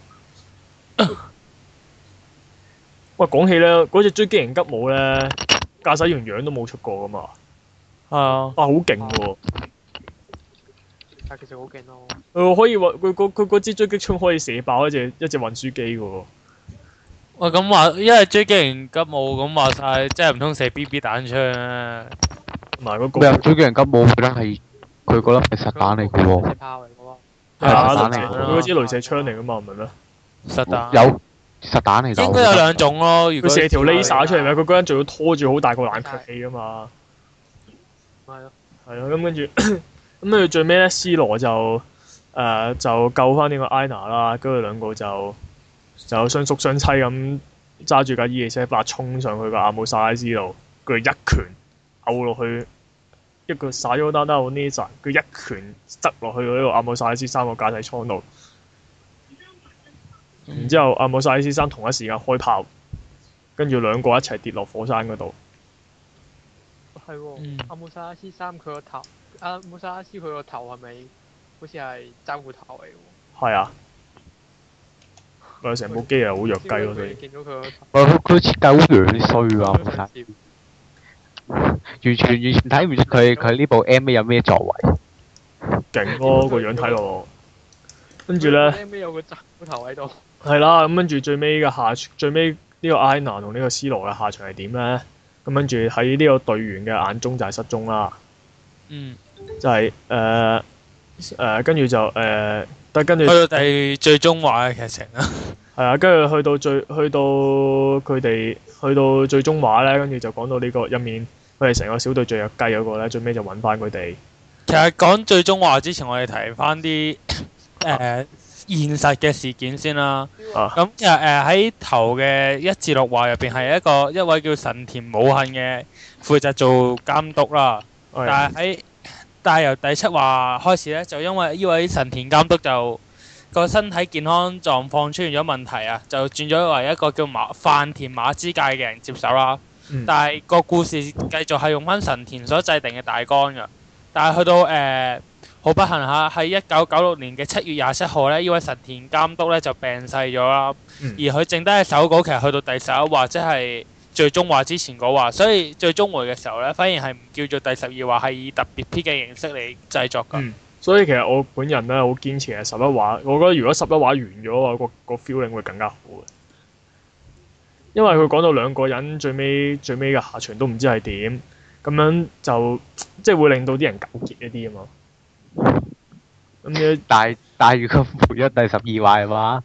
喂，講 起咧嗰隻追擊人急舞咧。駕駛員樣都冇出過噶嘛，係啊，哇、啊，好勁喎！但其實好勁咯。誒、嗯，可以話佢佢嗰支狙擊槍可以射爆一隻一隻運輸機噶喎。喂、啊，咁話因為狙擊型吉姆咁話晒，即係唔通射 B B 彈槍咧？唔係、啊，狙擊型吉姆佢咧係，佢嗰咧係實彈嚟嘅喎。炮嚟嘅嘛，係實彈嚟嘅。佢嗰支鐳射槍嚟嘅嘛，唔係咩？實彈彈有。實彈嚟就，應該有兩種咯。如果射條 laser 出嚟咪，佢嗰人仲要拖住好大個冷卻器啊嘛。係啊，係啊。咁跟住，咁跟住最尾咧，C 羅就誒就救翻呢個 Ina 啦。跟住兩個就就雙宿雙棲咁揸住架 E 車，翻衝上去個阿姆薩拉斯度。佢一拳毆落去，一個撒 u 打打好呢陣。佢一拳執落去呢個阿姆薩拉斯三個駕駛艙度。然之後阿姆薩斯三同一時間開炮，跟住兩個一齊跌落火山嗰度。係、哦，嗯、阿姆薩斯三佢個頭，阿姆薩斯佢個頭係咪好似係針鼓頭嚟？係 啊。佢成部機係好弱雞咯，你。見到佢。咪佢佢設計好樣衰啊！完全完全睇唔出，佢佢呢部 M、MA、有咩作為？勁咯、哦、個樣睇落，跟住咧。M 有個針鼓頭喺度。係啦，咁跟住最尾嘅下，最尾呢個艾娜同呢個 C 羅嘅下場係點呢？咁跟住喺呢個隊員嘅眼中就係失蹤啦。嗯。就係誒誒，跟、呃、住、呃、就誒，但跟住去到第最終話嘅劇情啦。係啊，跟住去到最去到佢哋去到最終話呢，跟住就講到呢、這個入面，佢哋成個小隊最弱雞嗰個咧，最尾就揾翻佢哋。其實講最終話之前我，我哋提翻啲誒。啊現實嘅事件先啦，咁誒喺頭嘅一至六話入邊係一個一位叫神田武幸嘅負責做監督啦。嗯、但係喺但係由第七話開始咧，就因為呢位神田監督就個身體健康狀況出現咗問題啊，就轉咗為一個叫馬飯田馬之介嘅人接手啦。嗯、但係個故事繼續係用翻神田所制定嘅大綱㗎，但係去到誒。呃好不幸嚇，喺一九九六年嘅七月廿七號咧，呢位神田監督咧就病逝咗啦。嗯、而佢剩低嘅手稿，其實去到第十一話，即係最終話之前嗰話，所以最終回嘅時候咧，反而係唔叫做第十二話，係以特別篇嘅形式嚟製作噶、嗯。所以其實我本人咧好堅持係十一話。我覺得如果十一話完咗嘅話，個個 feeling 會更加好嘅，因為佢講到兩個人最尾最尾嘅下場都唔知係點，咁樣就即係會令到啲人糾結一啲啊嘛。咁你大大如果活咗第十二話嘅話，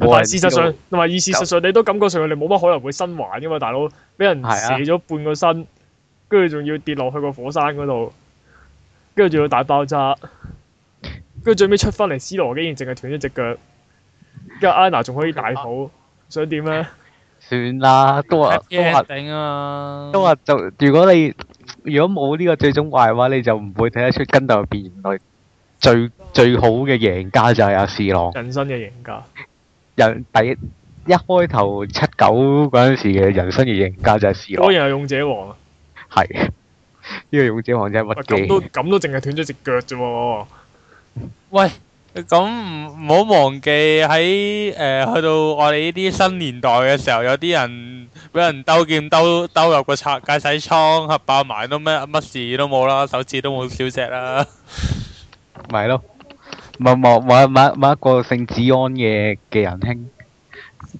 但係事實上同埋以事實上你都感覺上你冇乜可能會生還嘅嘛，大佬俾人蝕咗半個身，跟住仲要跌落去個火山嗰度，跟住仲要大爆炸，跟住最尾出翻嚟，C 羅竟然淨係斷咗隻腳，跟住 Anna 仲可以大肚，們啊、想點呢？算啦，都話、啊、都話頂啊，都話就如果你如果冇呢個最終話嘅話，你就唔會睇得出跟斗變女。 最最好嘅贏家就係阿士郎，人生嘅贏家，人第一一開頭七九嗰陣時嘅人生嘅贏家就係士郎，果然係勇者王、啊，係呢、這個勇者王真係屈機，咁、啊、都咁都淨係斷咗隻腳啫喎、啊，喂，咁唔唔好忘記喺誒、呃、去到我哋呢啲新年代嘅時候，有啲人俾人兜劍兜兜入個拆界使窗，爆埋都咩乜事都冇啦，手指都冇少隻啦。 咪咯，冇冇冇一冇一冇一個姓子安嘅嘅人兄，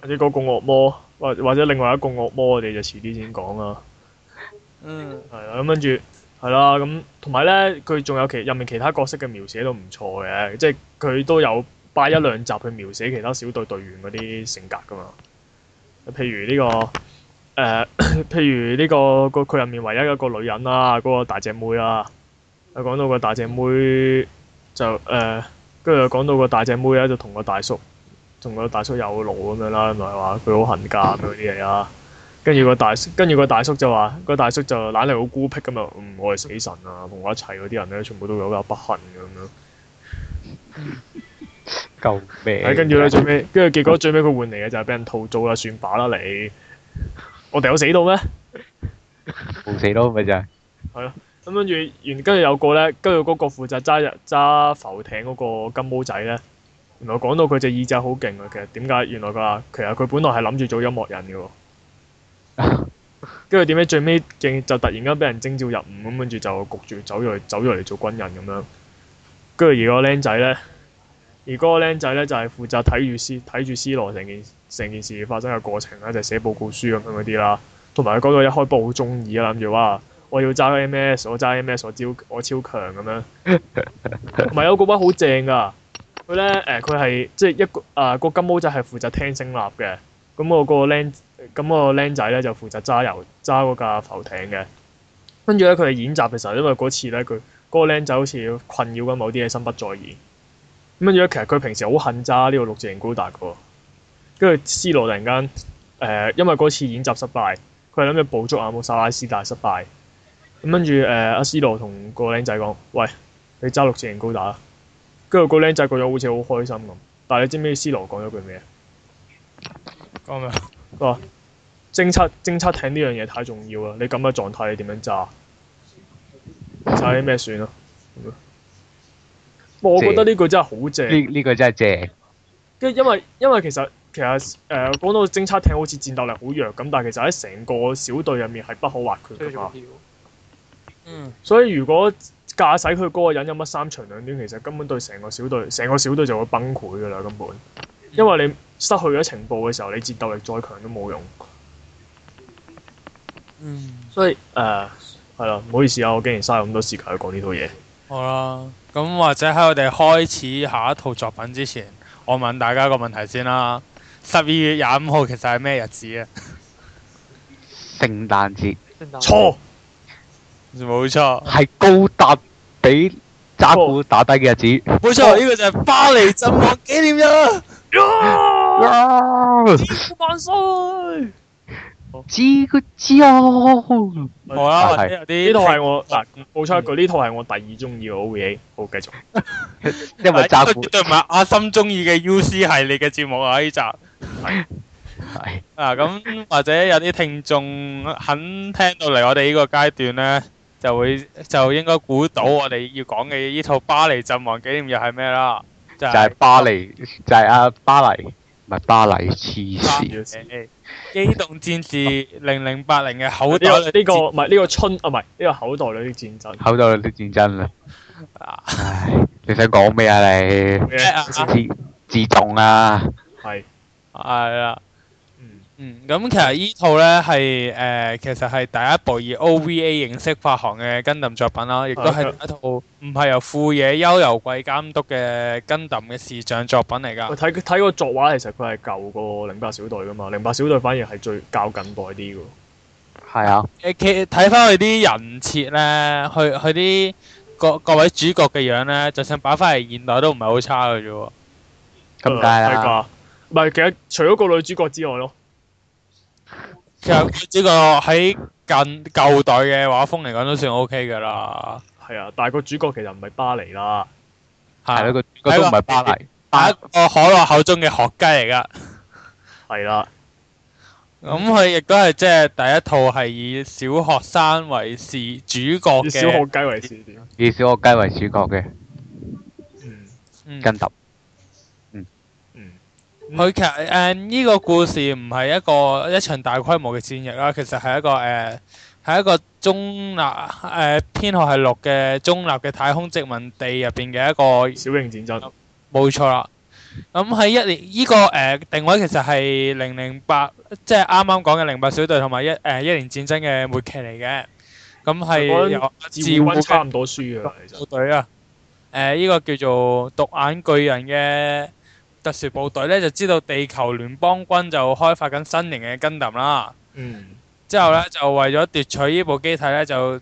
或者嗰個惡魔，或或者另外一個惡魔，我哋就遲啲先講啦。嗯，係啊，咁跟住係啦，咁同埋呢，佢仲有其入面其他角色嘅描寫都唔錯嘅，即係佢都有擺一兩集去描寫其他小隊隊員嗰啲性格噶嘛、這個呃。譬如呢、這個誒，譬如呢個個佢入面唯一一個女人啦、啊，嗰、那個大隻妹啦、啊，佢講到個大隻妹。就誒，跟住又講到個大隻妹咧，就同個大叔，同個大叔有腦咁樣啦，咪話佢好恨嫁咁嗰啲嘢啊。跟住個大叔，跟住個大叔就話，個大叔就懶係好孤僻咁啊。嗯，我係死神啊，同我一齊嗰啲人咧，全部都有好不幸咁樣。救命！跟住咧最尾，跟住結果最尾佢換嚟嘅就係俾人套組啦，算把啦你。我哋有死到咩？冇死到咪就係。係咯。咁跟住，原跟住有個咧，跟住嗰個負責揸揸浮艇嗰個金毛仔咧，原來講到佢隻耳仔好勁啊！其實點解？原來佢話，其實佢本來係諗住做音樂人嘅喎。跟住點解最尾就突然間俾人徵召入伍咁，跟住就焗住走咗去走咗嚟做軍人咁樣。跟住而個僆仔咧，而嗰個僆仔咧就係負責睇住 C 睇住 C 羅成件成件事發生嘅過程啦，就寫報告書咁樣嗰啲啦。同埋佢講到一開波好鍾意啊，諗住哇～我要揸 M.S.，我揸 M.S.，我超我超強咁樣。唔係啊，個賓好正㗎。佢咧誒，佢係即係一個啊、呃、個、呃、金毛仔係負責聽聲納嘅。咁我嗰個僆咁我個僆仔咧就負責揸油揸嗰架浮艇嘅。跟住咧，佢哋演習嘅時候，因為嗰次咧，佢嗰個僆仔好似困擾緊某啲嘢，心不在焉。咁樣，其實佢平時好恨揸呢個六字形高達㗎。跟住斯諾突然間誒、呃，因為嗰次演習失敗，佢係諗住捕捉阿姆沙拉斯，但係失敗。咁跟住誒阿 C 羅同個僆仔講：，喂，你揸六次型高達啦。跟住個僆仔個樣好似好開心咁，但係你知唔知 C 羅講咗句咩？講咩？話偵測偵測艇呢樣嘢太重要啦！你咁嘅狀態你，嗯、你點樣揸？揸啲咩算啊？我覺得呢句真係好正。呢呢句真係正。跟因為因為其實其實誒、呃、講到偵測艇好似戰鬥力好弱咁，但係其實喺成個小隊入面係不可或缺嘅。嗯，所以如果駕駛佢嗰個人有乜三長兩短，其實根本對成個小隊，成個小隊就會崩潰噶啦，根本。因為你失去咗情報嘅時候，你戰鬥力再強都冇用。嗯，所以誒，呃，係啦，唔好意思啊，我竟然嘥咁多時間去講呢套嘢。好啦，咁或者喺我哋開始下一套作品之前，我問大家一個問題先啦。十二月廿五號其實係咩日子啊？聖誕節。錯。冇錯，係高達俾扎古打低嘅日子。冇錯，呢個就係巴黎陣亡紀念日啦。啊！師傅萬歲！知個蕉？係啊，係呢套係我嗱，冇錯佢呢套係我第二中意嘅 O A。好繼續，因為扎古絕對唔係阿心中意嘅 U C 系列嘅節目啊！呢集係係嗱，咁或者有啲聽眾肯聽到嚟我哋呢個階段咧。就會就應該估到我哋要講嘅呢套巴黎陣亡紀念又係咩啦？就係、是、巴黎，就係、是、阿、啊、巴黎，唔係巴黎黐線、哎哎。機動戰士零零八零嘅口袋呢、這個唔係呢個春啊唔係呢個口袋裏啲戰爭。口袋裏啲戰爭啊！ 唉，你想講咩啊你？ 自自重啊，係係啊。嗯，咁其實呢套咧係誒，其實係第一部以 OVA 形式發行嘅高達作品啦，亦都係一套唔係由富野由悠季監督嘅高達嘅視像作品嚟噶。睇睇個作畫，其實佢係舊過零八小隊噶嘛，零八小隊反而係最較近代啲噶。係啊，誒，其實睇翻佢啲人設咧，佢佢啲各各位主角嘅樣咧，就算擺翻嚟現代都唔係好差噶啫喎。咁解啦，唔係，其實除咗個女主角之外咯。其實呢個喺近舊代嘅畫風嚟講都算 O K 噶啦，係啊，但係個主角其實唔係巴黎啦，係佢個都唔係巴黎，第一個可樂口中嘅學雞嚟噶，係啦、啊，咁佢亦都係即係第一套係以小學生為是主角嘅，以小學雞為主，以小學雞為主角嘅、嗯，嗯，跟答。佢其實誒呢、嗯這個故事唔係一個一場大規模嘅戰役啦、啊，其實係一個誒係、呃、一個中立誒、呃、編號係六嘅中立嘅太空殖民地入邊嘅一個小型戰爭，冇錯啦。咁、嗯、喺一年呢、這個誒、呃、定位其實係零零八，即係啱啱講嘅零八小隊同埋一誒一年戰爭嘅末期嚟嘅。咁係由自護差唔多書嘅，小隊啊，誒依、呃這個叫做獨眼巨人嘅。特殊部隊咧就知道地球聯邦軍就開發緊新型嘅高達啦，嗯、之後咧就為咗奪取部機呢部機體咧就誒、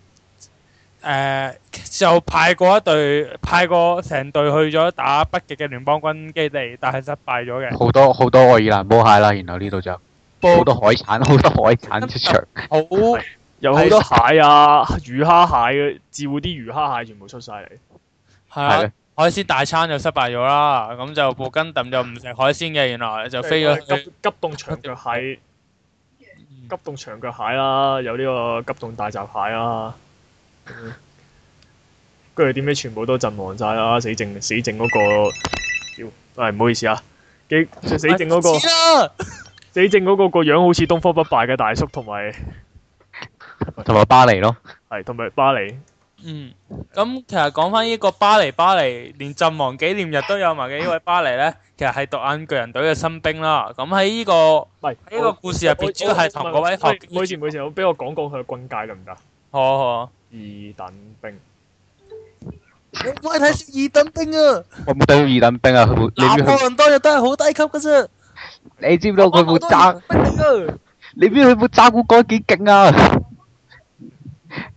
呃、就派過一隊派過成隊去咗打北極嘅聯邦軍基地，但係失敗咗嘅。好多好多愛爾蘭波蟹啦，然後呢度就煲多海產，好多海產出場，好、嗯、 有好多蟹啊，魚蝦蟹，照顧啲魚蝦蟹全部出晒嚟，係海鮮大餐就失敗咗啦，咁就布根頓就唔食海鮮嘅，原來就飛咗、欸、急急凍長腳蟹， 急凍長腳蟹啦，有呢個急凍大閘蟹啦，跟住點解全部都陣亡晒啦，死剩死剩嗰個，哎唔好意思啊，幾死剩嗰個死剩嗰個個樣好似東方不敗嘅大叔同埋同埋巴黎咯，係同埋巴黎。嗯，咁其實講翻呢個巴黎巴黎，連陣亡紀念日都有埋嘅呢位巴黎咧，其實係獨眼巨人隊嘅新兵啦。咁喺呢個唔係喺呢個故事入邊主要係同嗰位學，唔好意思唔好意思，俾我講講佢嘅軍階得唔得？好啊好啊，二等兵。我一睇係二等兵啊！我冇睇到二等兵啊！南國人當日都係好低級噶啫。你知唔知我佢冇揸兵？你邊佢冇揸過幾勁啊？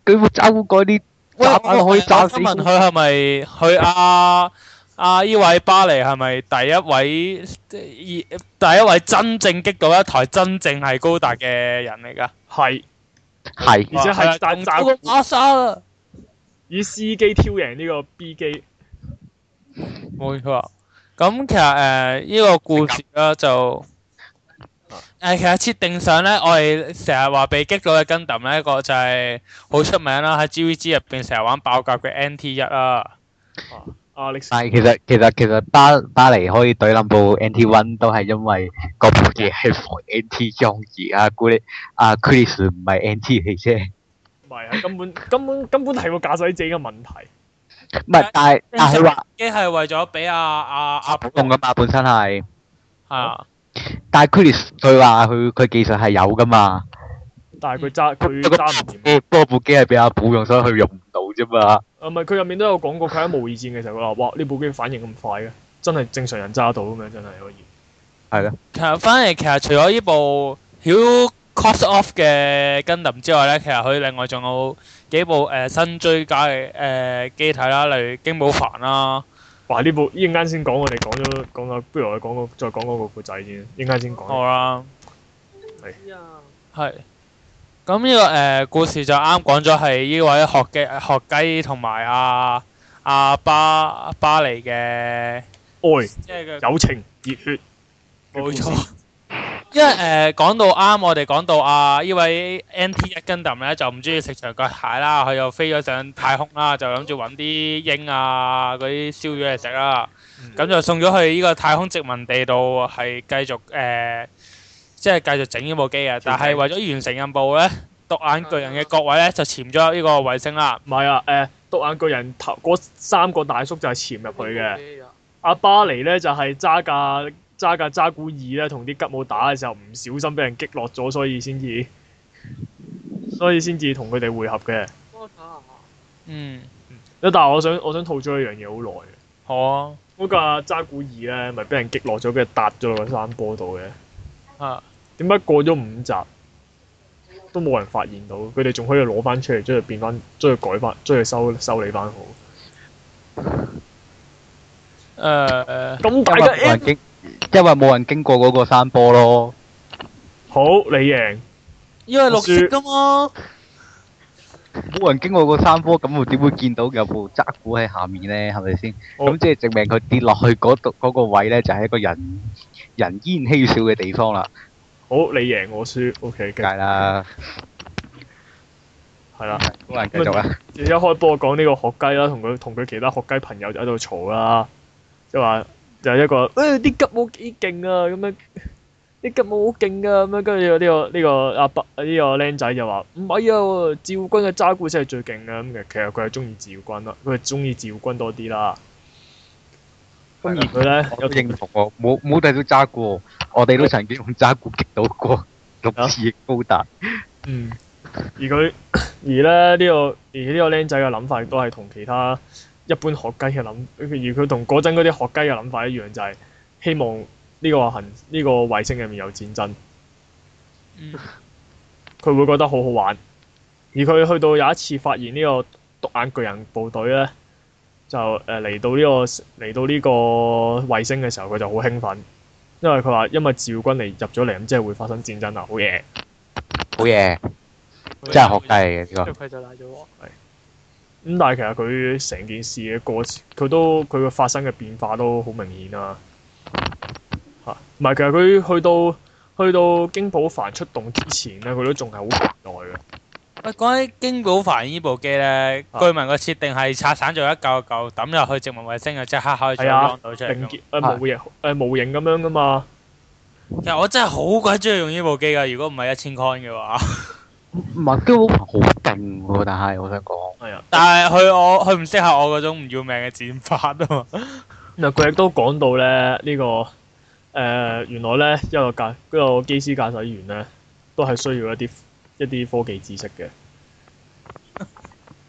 佢冇揸過啲。喂喂我可以打我問佢係咪佢啊，啊，呢位巴黎係咪第一位？第一位真正擊倒一台真正係高達嘅人嚟㗎？係係是哇而且係打唔到阿莎，啦，以司機挑贏呢個 B 機。冇 錯。咁其實誒呢、呃這個故事咧就。誒，其實設定上咧，我哋成日話被擊倒嘅 Gundam 咧，個就係好出名啦。喺 GVG 入邊成日玩爆格嘅 NT 一啦。哦，Alex。但係其實其實其實巴巴黎可以懟冧部 NT one 都係因為嗰部嘢係防 NT 裝置啊，Chris 啊 Chris 唔係 NT 汽車。唔係，根本根本根本係個駕駛者嘅問題。唔係，但係但係話，即係為咗俾阿阿阿。普通噶嘛，本身係。係啊。但係 k 佢話佢佢技術係有噶嘛？但係佢揸佢揸唔掂，不過部機係比阿寶用，所以佢用唔到啫嘛。唔係佢入面都有講過，佢喺無二戰嘅時候佢話，哇，呢部機反應咁快嘅，真係正常人揸到咁樣，真係可以。係咧。其實反而，其實除咗呢部《小 Cost of》f 嘅跟 u 之外咧，其實佢另外仲有幾部誒、呃、新追加嘅誒機體啦，例如京寶凡啦。哇！呢部一陣間先講，我哋講咗講咗，不如我哋講個再講嗰個，個故仔先。一陣間先講。好啦吧。係是。係。咁呢、這個誒、呃、故事就啱講咗係呢位學雞學雞同埋阿阿巴巴嚟嘅愛，即係友情熱血，冇錯。因為誒講、呃、到啱，我哋講到啊。位 NT 呢位 NT-1 Gundam 咧，就唔中意食長腳蟹啦，佢又飛咗上太空啦，就諗住搵啲鷹啊嗰啲燒魚嚟食啦，咁、嗯、就送咗去呢個太空殖民地度，係繼續誒、呃，即係繼續整呢部機啊。但係為咗完成任務咧，獨眼巨人嘅角位咧就潛咗呢個衛星啦。唔係啊，誒獨眼巨人頭嗰三個大叔就係潛入去嘅。嗯 okay, uh. 阿巴黎咧就係揸架。揸架揸古二咧，同啲吉姆打嘅時候唔小心俾人擊落咗，所以先至，所以先至同佢哋會合嘅。嗯。一、嗯、但我想我想吐槽一樣嘢好耐嘅。吓、啊，嗰架揸古二咧，咪俾人擊落咗，跟住搭咗落個山坡度嘅。啊。點解過咗五集都冇人發現到？佢哋仲可以攞翻出嚟，將佢變翻，將佢改翻，將佢修修理翻好。誒、呃，咁大個。呃呃呃因為冇人經過嗰個山坡咯，好你贏，因為落雪噶嘛，冇輸人經過個山坡，咁我點會見到有部渣鼓喺下面呢？係咪先？咁好即係證明佢跌落去嗰、那、度、個那個位呢，就係、是、一個人人煙稀少嘅地方啦。好你贏我輸，OK，梗係啦，係啦，好難繼續啦。一開波幫我講呢個學雞啦，同佢同佢其他學雞朋友就喺度嘈啦，即係話。就係一個誒啲吉武幾勁啊咁樣，啲吉武好勁啊咁樣，跟住呢個呢個阿伯呢個僆仔就話唔係啊，趙軍嘅揸鼓先係最勁啊咁，其實佢係中意趙軍啦，佢係中意趙軍多啲啦。咁而佢咧有認同我冇冇睇到揸鼓，我哋都曾經用揸鼓激到過 六次高達。Yeah, 嗯，而佢而咧呢個而呢個僆仔嘅諗法亦都係同其他。一般學雞嘅諗，而佢同嗰陣嗰啲學雞嘅諗法一樣，就係、是、希望呢個行呢、這個衛星入面有戰爭，佢、嗯、 會覺得好好玩。而佢去到有一次發現呢個獨眼巨人部隊咧，就誒嚟、呃、到呢、這個嚟到呢個衛星嘅時候，佢就好興奮，因為佢話因為趙軍嚟入咗嚟咁，即係會發生戰爭啊！好嘢，好嘢，真係學雞嘅呢、這個。就嚟咗喎。咁但係其實佢成件事嘅過程，佢都佢嘅發生嘅變化都好明顯啦、啊。嚇、啊，唔係其實佢去到去到京寶凡出動之前咧，佢都仲係好期待嘅。啊，講起京寶凡呢部機咧，據聞個設定係拆散咗一嚿一嚿，抌入去殖民衞星啊，即刻可以裝到出嚟連結誒模型誒模型咁樣噶嘛。其實我真係好鬼中意用呢部機噶，如果唔係一千 con 嘅話。麥基烏好勁喎，但係我想講，係啊，但係佢我佢唔適合我嗰種唔要命嘅剪法啊。嗱， 佢亦都講到咧呢個誒、呃，原來咧一個駕一個機師駕駛員咧，都係需要一啲一啲科技知識嘅，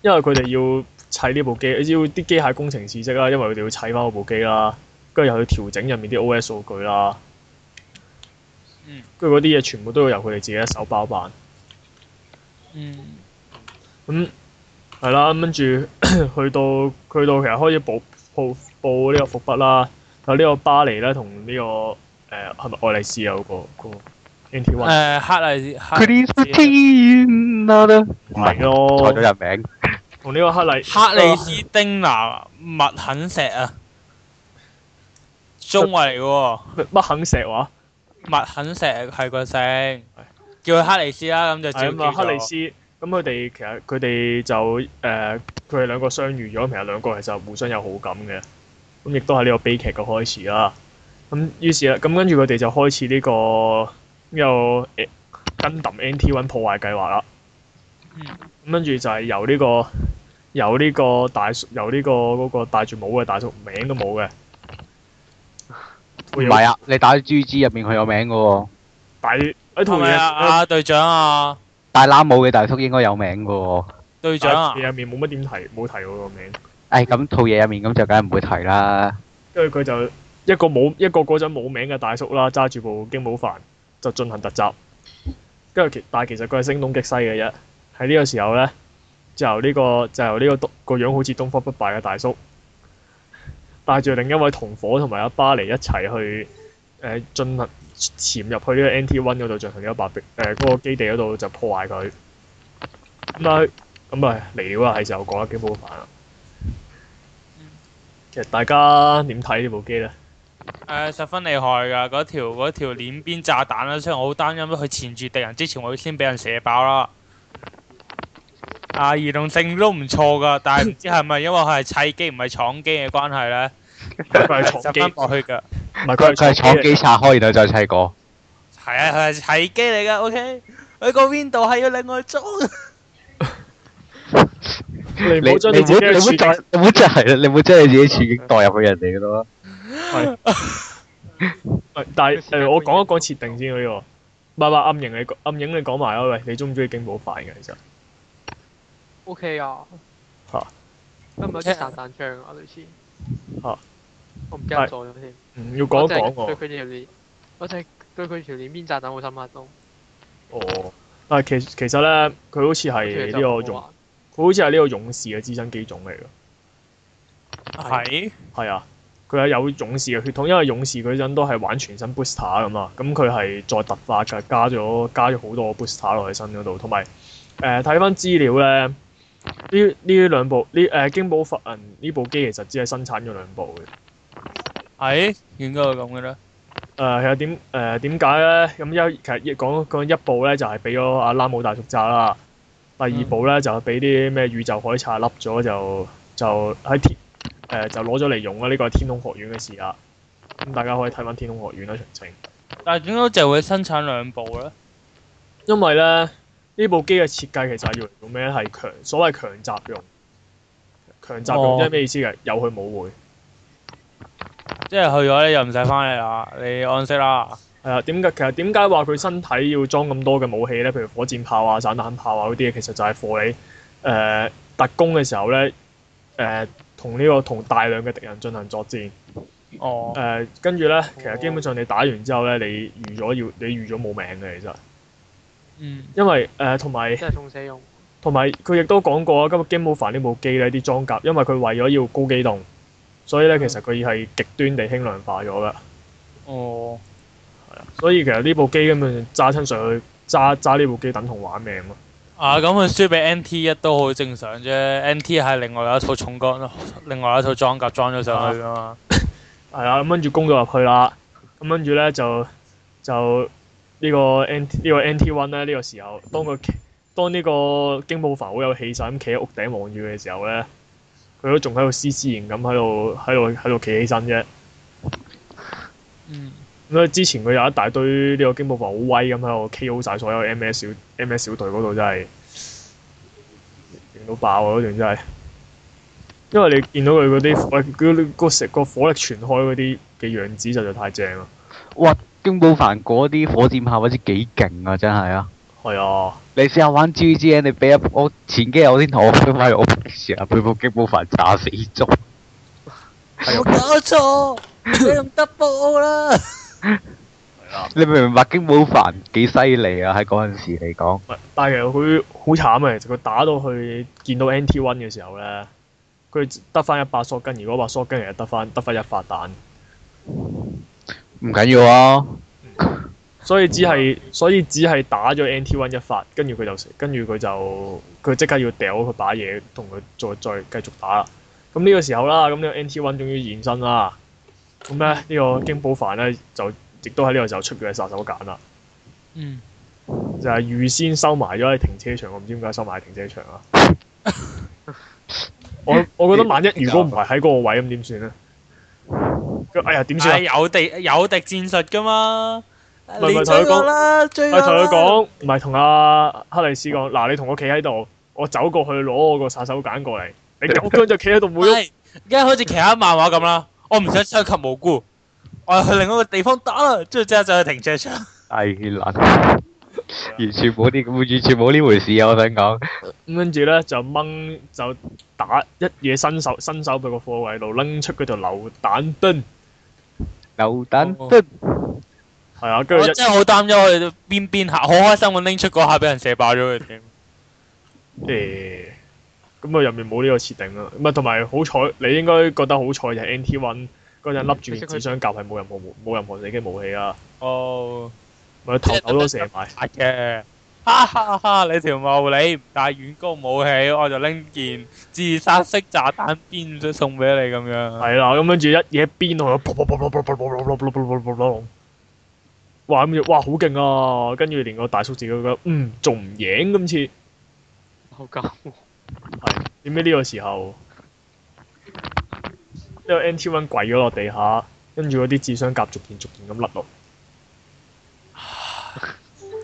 因為佢哋要砌呢部機，要啲機械工程知識啦，因為佢哋要砌翻部機啦，跟住又要調整入面啲 O.S 數據啦，跟住嗰啲嘢全部都要由佢哋自己一手包辦。嗯，咁係、嗯、啦，跟住去到去到其實開始報報報呢個伏筆啦。有呢個巴黎咧，同呢、呢個誒係咪愛麗絲啊嗰個？誒、呃，克里斯汀啊，名咯，錯咗人名。同呢個克麗。 克里斯丁娜麥肯石啊，中藝嚟嘅喎。麥肯、啊、石話麥肯石係、啊、個姓。叫佢克里斯啦，咁就直接叫克里斯，咁佢哋其實佢哋就誒，佢、呃、哋兩個相遇咗，其實兩個其實互相有好感嘅，咁亦都係呢個悲劇嘅開始啦。咁、嗯、於是啊，咁跟住佢哋就開始呢、呢個呢誒 Gundam NT1 破壞計劃啦。咁跟住就係由呢個由呢個大由呢個嗰個戴住帽嘅大叔名都冇嘅。唔係啊，你打 GZ 入面佢有名嘅喎、嗰個。底。哎，同埋啊，阿、啊、隊長啊，戴冷帽嘅大叔應該有名嘅喎。隊長入面冇乜點提，冇提嗰個名。哎，咁套嘢入面咁就梗係唔會提啦。跟住佢就一個冇一個嗰陣冇名嘅大叔啦，揸住部京武帆就進行突襲。跟住其但係其實佢係聲東擊西嘅啫。喺呢個時候咧，就由呢、這個就由呢、這個東個樣好似東方不敗嘅大叔，帶住另一位同夥同埋阿巴嚟一齊去。誒進入潛入去呢個 NT1 嗰度進行一個爆兵嗰個基地嗰度就破壞佢。咁啊，咁啊，嚟了啊，係時候講一幾好煩啦。其實大家點睇呢部機呢？誒、呃、十分厲害㗎，嗰條嗰條鏈邊炸彈啦，雖然我好擔心，佢纏住敵人之前，我會先俾人射爆啦。啊，移動性都唔錯㗎，但係唔知係咪因為佢係砌機唔係廠機嘅關係呢？佢係坐機拆翻落去噶，佢佢係坐機拆開，然後再砌過。係啊，係砌機嚟噶。O K，佢個 window 係要另外裝。 你你唔好你唔好再你唔好再係你唔好將你自己處境代 入去人哋嗰度。係。喂， 但係、呃、我講一講設定先嗰呢、這個。唔係唔係，暗影你暗影你講埋、okay、啊，喂， 你中唔中意警報快嘅？其 實樂。O K 啊。吓。 咁咪有支霰彈槍啊？類 似樂。吓。 我唔記得咗添。嗯，要講講我對佢條我對條我對佢條鏈邊炸彈好深刻咯。哦，但係其其實咧，佢好似係呢個勇，佢好似係呢個勇士嘅資身機種嚟㗎。係係是啊，佢係有勇士嘅血統，因為勇士嗰陣都係玩全新 bo bo 身 booster 咁啊。咁佢係再突化，佢加咗加咗好多個 booster 落去身嗰度，同埋誒睇翻資料咧，呢呢兩部呢誒、呃、京寶佛銀呢部機其實只係生產咗兩部嘅。係，應該係咁嘅啦。誒、呃，其實點誒點解咧？咁、呃、一、嗯、其實一講講一部咧，就係俾咗阿拉姆大叔揸啦。第二部咧、嗯、就俾啲咩宇宙海賊笠咗，就就喺天、呃、就攞咗嚟用啊。呢、呢個係天空學院嘅事啊！咁大家可以睇翻天空學院啦，詳情。但係點解淨會生產兩部咧？因為咧呢部機嘅設計其實係用嚟做咩咧？係強所謂強襲用，強襲用即係咩意思嘅？有去冇回。即係去咗咧，又唔使翻嚟啦，你安息啦。係啊，點解、呃、其實點解話佢身體要裝咁多嘅武器咧？譬如火箭炮啊、散彈炮啊嗰啲嘢，其實就係 for 你誒、呃、特工嘅時候咧誒同呢、呃這個同大量嘅敵人進行作戰。哦。誒、呃，跟住咧，哦、其實基本上你打完之後咧，你預咗要你預咗冇命嘅，其實。嗯、因為誒，同、呃、埋。同埋佢亦都講過啊，今日 Gimovan 呢部機咧啲裝甲，因為佢為咗要高機動。所以咧，其實佢係極端地輕量化咗噶。哦。係啊，所以其實呢、哦、部機根本揸親上去，揸揸呢部機等同玩命咯。啊，咁佢輸俾 N T 一都好正常啫。N T 係另外有一套重鋼，另外有一套裝甲裝咗上去噶嘛。係啊，跟住 攻咗入去啦。咁跟住咧就就個 NT，個呢個 N 呢個 N T one 咧，呢、這個時候當佢當呢個京保法好有氣勢咁企喺屋頂望住嘅時候咧。佢都仲喺度斯斯然咁喺度喺度喺度企起身啫。嗯。咁所以之前佢有一大堆呢個京寶凡好威咁喺度 K.O. 晒所有 M.S. 小 M.S. 小隊嗰度真係勁到爆啊！嗰段真係。因為你見到佢嗰啲喂佢個食個火力全、嗯、開嗰啲嘅樣子，實在太正啦！哇！京寶凡嗰啲火箭炮好似幾勁啊，真係啊！係 啊！你試下玩 GG，你俾一我前幾日我先同我 f r i e 下俾部京寶凡炸死咗。我搞錯，你用 double 啦。你明唔明白京寶凡幾犀利啊？喺嗰陣時嚟講，但係佢好慘嘅，其實佢打到去見到 NT One 嘅時候咧，佢得翻一百索根，如果話索根，索根，其實得翻得翻一發彈。唔緊要啊。 所以只係所以只係打咗 NT One 一發，跟住佢就，跟住佢就，佢即刻要掉佢把嘢，同佢再再繼續打啦。咁呢個時候啦，咁呢個 NT One 終於現身啦。咁咧呢個京寶凡咧就亦都喺呢個時候出佢嘅殺手鐧啦。嗯。就係預先收埋咗喺停車場，我唔知點解收埋喺停車場啊。 我我覺得萬一如果唔係喺嗰個位咁點算咧？哎呀，點算？有敵有敵戰術㗎嘛。咪咪同佢講，咪同佢講，唔係同阿克里斯講，嗱 你同我企喺度，我走過去攞我個殺手鐧過嚟，你咁樣就企喺度唔郁。而家 好似其他漫畫咁啦，我唔想傷及無辜，我去另外一個地方打啦，之後即刻走去停車場。哎 呀， 完全冇呢，完全冇呢回事啊！我想講，咁跟住咧就掹就打一嘢伸手伸手佢個貨位度，拎出佢條榴彈樽，榴彈樽。 係啊，跟住、嗯、真係好擔憂我哋邊邊下，好開心我拎出嗰下俾人射爆咗佢添。誒，咁啊入面冇呢個設定啦，咪同埋好彩，你應該覺得好彩就係 NT1 o 嗰陣笠住件紙箱甲係冇任何冇、嗯、任何射擊武器啊。哦，咪頭都射埋。嘅，哈哈哈！你條茂你唔帶遠攻武器，我就拎件自殺式炸彈鞭送俾你咁樣。係啦，咁跟住一嘢鞭落去，啵啵啵啵啵啵啵啵啵啵哇咁哇好勁啊！跟住連個大叔自己都覺得，嗯，仲唔贏今次。好搞！點解呢個時候，因、呢個 NT 1跪咗落地下，跟住嗰啲智商夾逐漸逐漸咁甩落。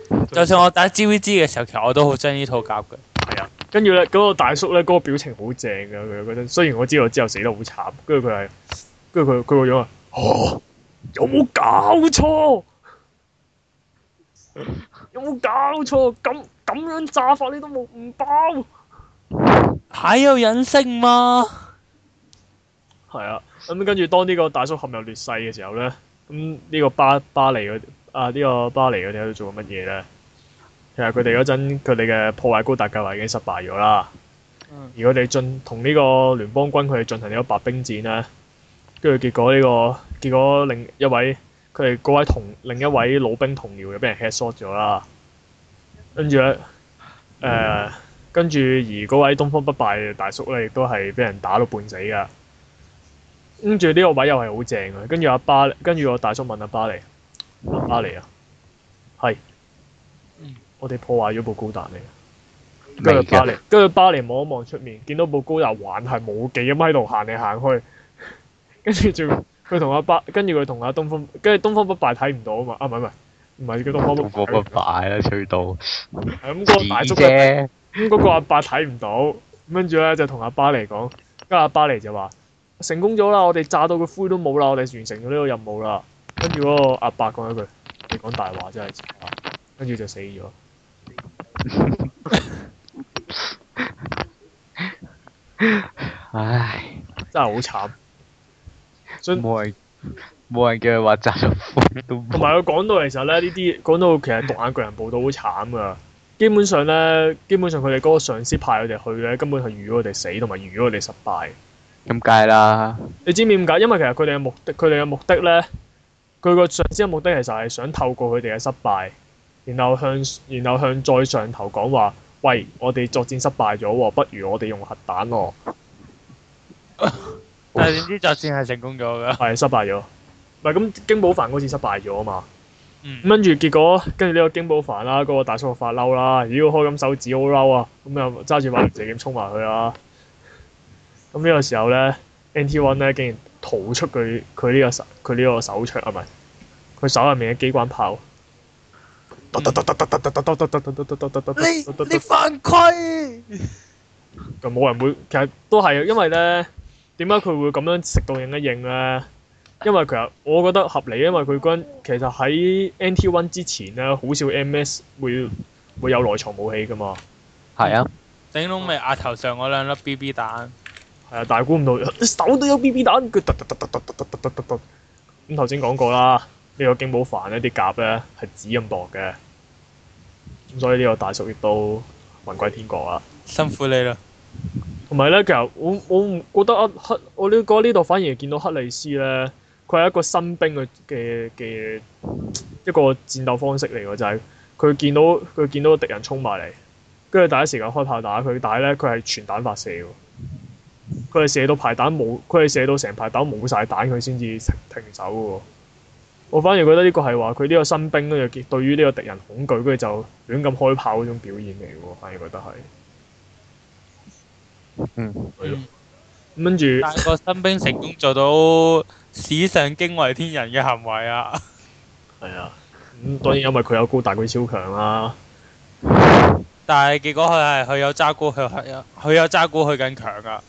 對就算我打 GVG 嘅時候，其實我都好憎呢套夾嘅。係啊，跟住咧，嗰、嗰個大叔咧，嗰、嗰個表情好正㗎。佢嗰陣，雖然我知道之後死得好慘，跟住佢係，跟住佢，佢個樣啊、就係，嚇，有冇搞錯？有冇搞錯？咁咁樣，樣炸法，你都冇唔爆？包太有隱性嘛。係啊、嗯，咁跟住當呢個大叔陷入劣勢嘅時候咧，咁、嗯、呢、這個巴巴黎啊呢、這個巴黎佢哋喺度做咗乜嘢咧？其實佢哋嗰陣佢哋嘅破壞高達計劃已經失敗咗啦。嗯。而佢哋進同呢個聯邦軍佢哋進行咗白兵戰咧，跟住結果呢、這個結果另一位。佢哋嗰位同另一位老兵同僚又俾人 headshot 咗啦，跟住咧，誒、呃，跟住而嗰位東方不敗嘅大叔咧，亦都係俾人打到半死噶。跟住呢個位又係好正嘅，跟住阿巴，跟住我大叔問阿巴黎，阿巴黎啊，係、啊，嗯、我哋破壞咗部高達嚟，跟住巴黎，跟住巴黎望一望出面，見到部高達還係冇幾咁喺度行嚟行去，跟住仲。 佢同阿爸，跟住佢同阿東方，跟住東方不敗睇唔到啊嘛，啊，唔係唔係，唔係叫東方不敗啦，吹到，大叔嘅，咁嗰、啊嗯嗰個阿伯睇唔到，跟住咧就同阿巴尼講，跟阿巴尼就話成功咗啦，我哋炸到佢灰都冇啦，我哋完成咗呢個任務啦。跟住嗰個阿伯講一句，你講大話真係，跟住就死咗。唉， 真係好慘。冇人，冇人叫佢話責任。同埋佢講到其實咧，呢啲講到其實獨眼巨人報道好慘噶，基本上咧，基本上佢哋嗰個上司派佢哋去咧，根本係預咗佢哋死，同埋預咗佢哋失敗。咁梗係啦！你知唔知點解？因為其實佢哋嘅目的，佢哋嘅目的咧，佢個上司嘅目的其實係想透過佢哋嘅失敗，然後向，然後向再上頭講話：「喂，我哋作戰失敗咗喎，不如我哋用核彈咯、哦。但點知就算係成功咗嘅，係失敗咗，唔係咁。京寶凡嗰次失敗咗啊嘛。嗯。跟住結果，跟住呢個京寶凡啦，嗰個大叔發嬲啦，妖開咁手指好嬲啊，咁又揸住萬能射箭衝埋去啦。咁呢個時候咧，NT One 咧竟然逃出佢，佢呢個手，佢呢個手槍係咪，佢手入面嘅機關炮。你犯規。就冇人會，其實都係因為咧。點解佢會咁樣食到應一應啊？因為其實我覺得合理，因為佢嗰陣其實喺 NT1 之前啊，好少 MS 會會有內藏武器噶嘛。係啊！頂籠咪額頭上嗰兩粒 BB 彈。係啊，但係估唔到隻手都有 BB 彈，佢突突突突突突突突突突！咁頭先講過啦，呢個警保凡呢啲甲咧係紙咁薄嘅，咁所以呢個大叔亦都魂歸天國啊，辛苦你啦！同埋咧，其實我我唔覺得啊。黑，我呢覺得呢度反而見到克里斯咧，佢係一個新兵嘅嘅嘅一個戰鬥方式嚟喎，就係、是、佢見到佢見到敵人衝埋嚟，跟住第一時間開炮打佢，但係咧佢係全彈發射喎，佢係射到排彈冇，佢係射到成排彈冇曬彈佢先至停走嘅喎。我反而覺得呢個係話佢呢個新兵跟住對於呢個敵人恐懼，跟住就亂咁開炮嗰種表現嚟喎，反而覺得係。嗯，跟住個新兵成功做到史上驚為天人嘅行為啊！係啊，咁當然因為佢有高達佢超強啦，啊。但係結果佢係佢有渣古，佢佢有佢有渣古，佢更強噶。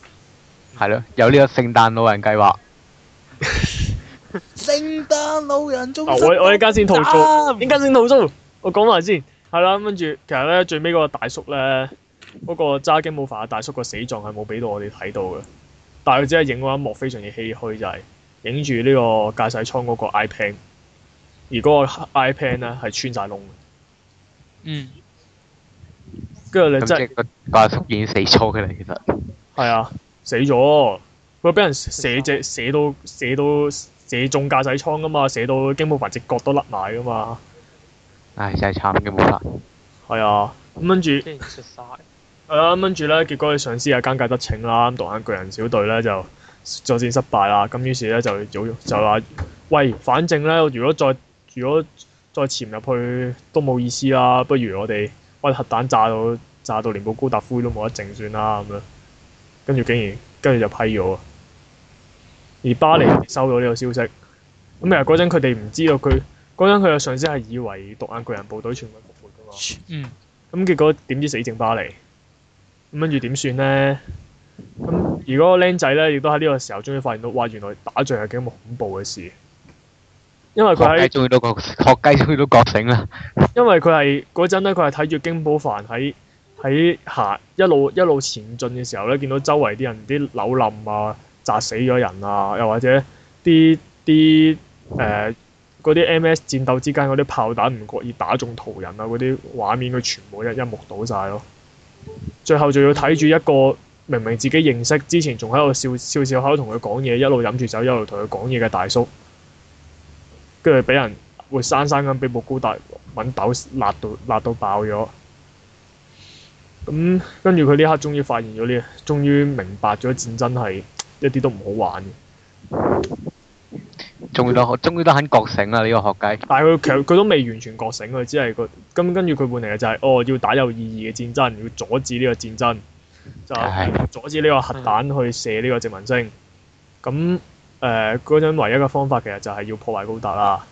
係咯，有呢個聖誕老人計劃。聖 誕老人中，我 我依家先投訴，依家先投訴，我講埋先，係啦，跟住其實咧最尾嗰個大叔咧。嗰個揸金毛凡大叔個死狀係冇俾到我哋睇到嘅，但係佢只係影嗰一幕非常之唏噓，就係影住呢個駕駛艙嗰個 iPad，而嗰個 iPad 咧係穿晒窿嘅。嗯。跟住你即係大叔已經死咗嘅啦，其實。係啊，死咗，佢俾人射只射到射到射中駕駛艙噶嘛，射到金毛凡隻角都甩埋噶嘛。唉、哎，真係慘嘅金毛凡。係啊，咁跟住。后 係啦，跟住咧，結果佢上司係尷尬得逞啦，咁獨眼巨人小隊咧就作戰失敗啦。咁於是咧就組就話：喂，反正咧，如果再如果再潛入去都冇意思啦，不如我哋喂核彈炸到炸到連個高達灰都冇得剩算啦咁樣。跟住竟然跟住就批咗，而巴尼收到呢個消息，咁啊嗰陣佢哋唔知道佢，嗰陣佢嘅上司係以為獨眼巨人部隊全部覆滅㗎嘛。嗯。咁結果點知死剩巴尼。咁跟住點算呢？咁如果個僆仔咧，亦都喺呢個時候終於發現到，哇！原來打仗係幾恐怖嘅事。因為佢睇中意到覺，學雞覺醒啦。因為佢係嗰陣咧，佢係睇住京寶凡喺喺行一路一路前進嘅時候咧，見到周圍啲人啲扭冧啊，砸死咗人啊，又或者啲啲誒嗰啲 M.S. 戰鬥之間嗰啲炮彈唔覺意打中途人啊，嗰啲畫面佢全部一一目睹曬咯。最後仲要睇住一個明明自己認識，之前仲喺度笑笑笑，喺度同佢講嘢，一路飲住酒，一路同佢講嘢嘅大叔，跟住俾人活生生咁俾木瓜大揾斗辣到辣到，辣到爆咗。咁跟住佢呢刻終於發現咗呢，終於明白咗戰爭係一啲都唔好玩嘅。終於都，終於都肯覺醒啦！呢、呢個學界，但係佢強，佢都未完全覺醒，佢只係個跟跟住佢換嚟嘅就係、係、哦，要打有意義嘅戰爭，要阻止呢個戰爭，就是、阻止呢個核彈去射呢個殖民星。咁誒，嗰、呃、種唯一嘅方法其實就係要破壞高達啦。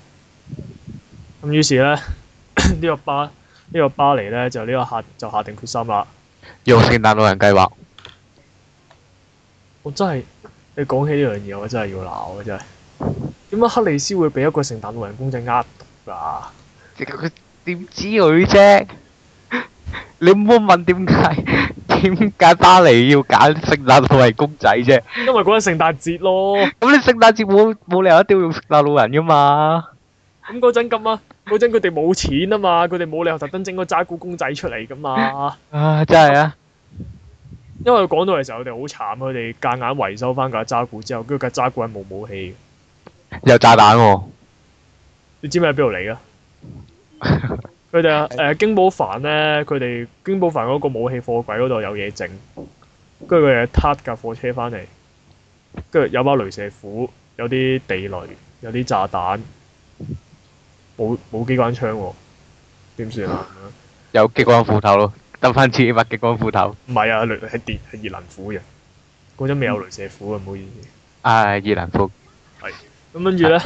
咁於是咧，呢 個巴呢、呢個巴黎咧就呢個下就下定決心啦，用聖誕老人計劃。我真係，你講起呢樣嘢，我真係要鬧啊！真係。點解克里斯會俾一個聖誕老人公仔呃毒噶？點知佢啫？ 你唔好問點解，點解巴黎要揀聖誕老人公仔啫？因爲嗰日聖誕節咯。咁你聖誕節冇冇理由一定要用聖誕老人噶嘛？咁嗰陣咁啊，嗰陣佢哋冇錢啊嘛，佢哋冇理由特登整個揸古公仔出嚟噶嘛。 啊，真係啊！因爲講到嘅時候，佢哋好慘，佢哋夾硬維修翻架揸古之後，跟住架揸古係冇武器。有炸彈喎！你知唔知喺邊度嚟噶？佢哋啊，誒、呃，京寶凡咧，佢哋京寶凡嗰個武器貨櫃嗰度有嘢整，跟住佢哋撻架貨車翻嚟，跟住有把鐳射斧，有啲地雷，有啲炸彈，冇冇機關槍喎？點算啊？ 有激光斧頭咯，得翻千幾把激光斧頭。唔係啊，雷係電係熱能斧啊！嗰陣未有鐳射斧啊，唔好意思。啊熱能斧。咁跟住咧，誒、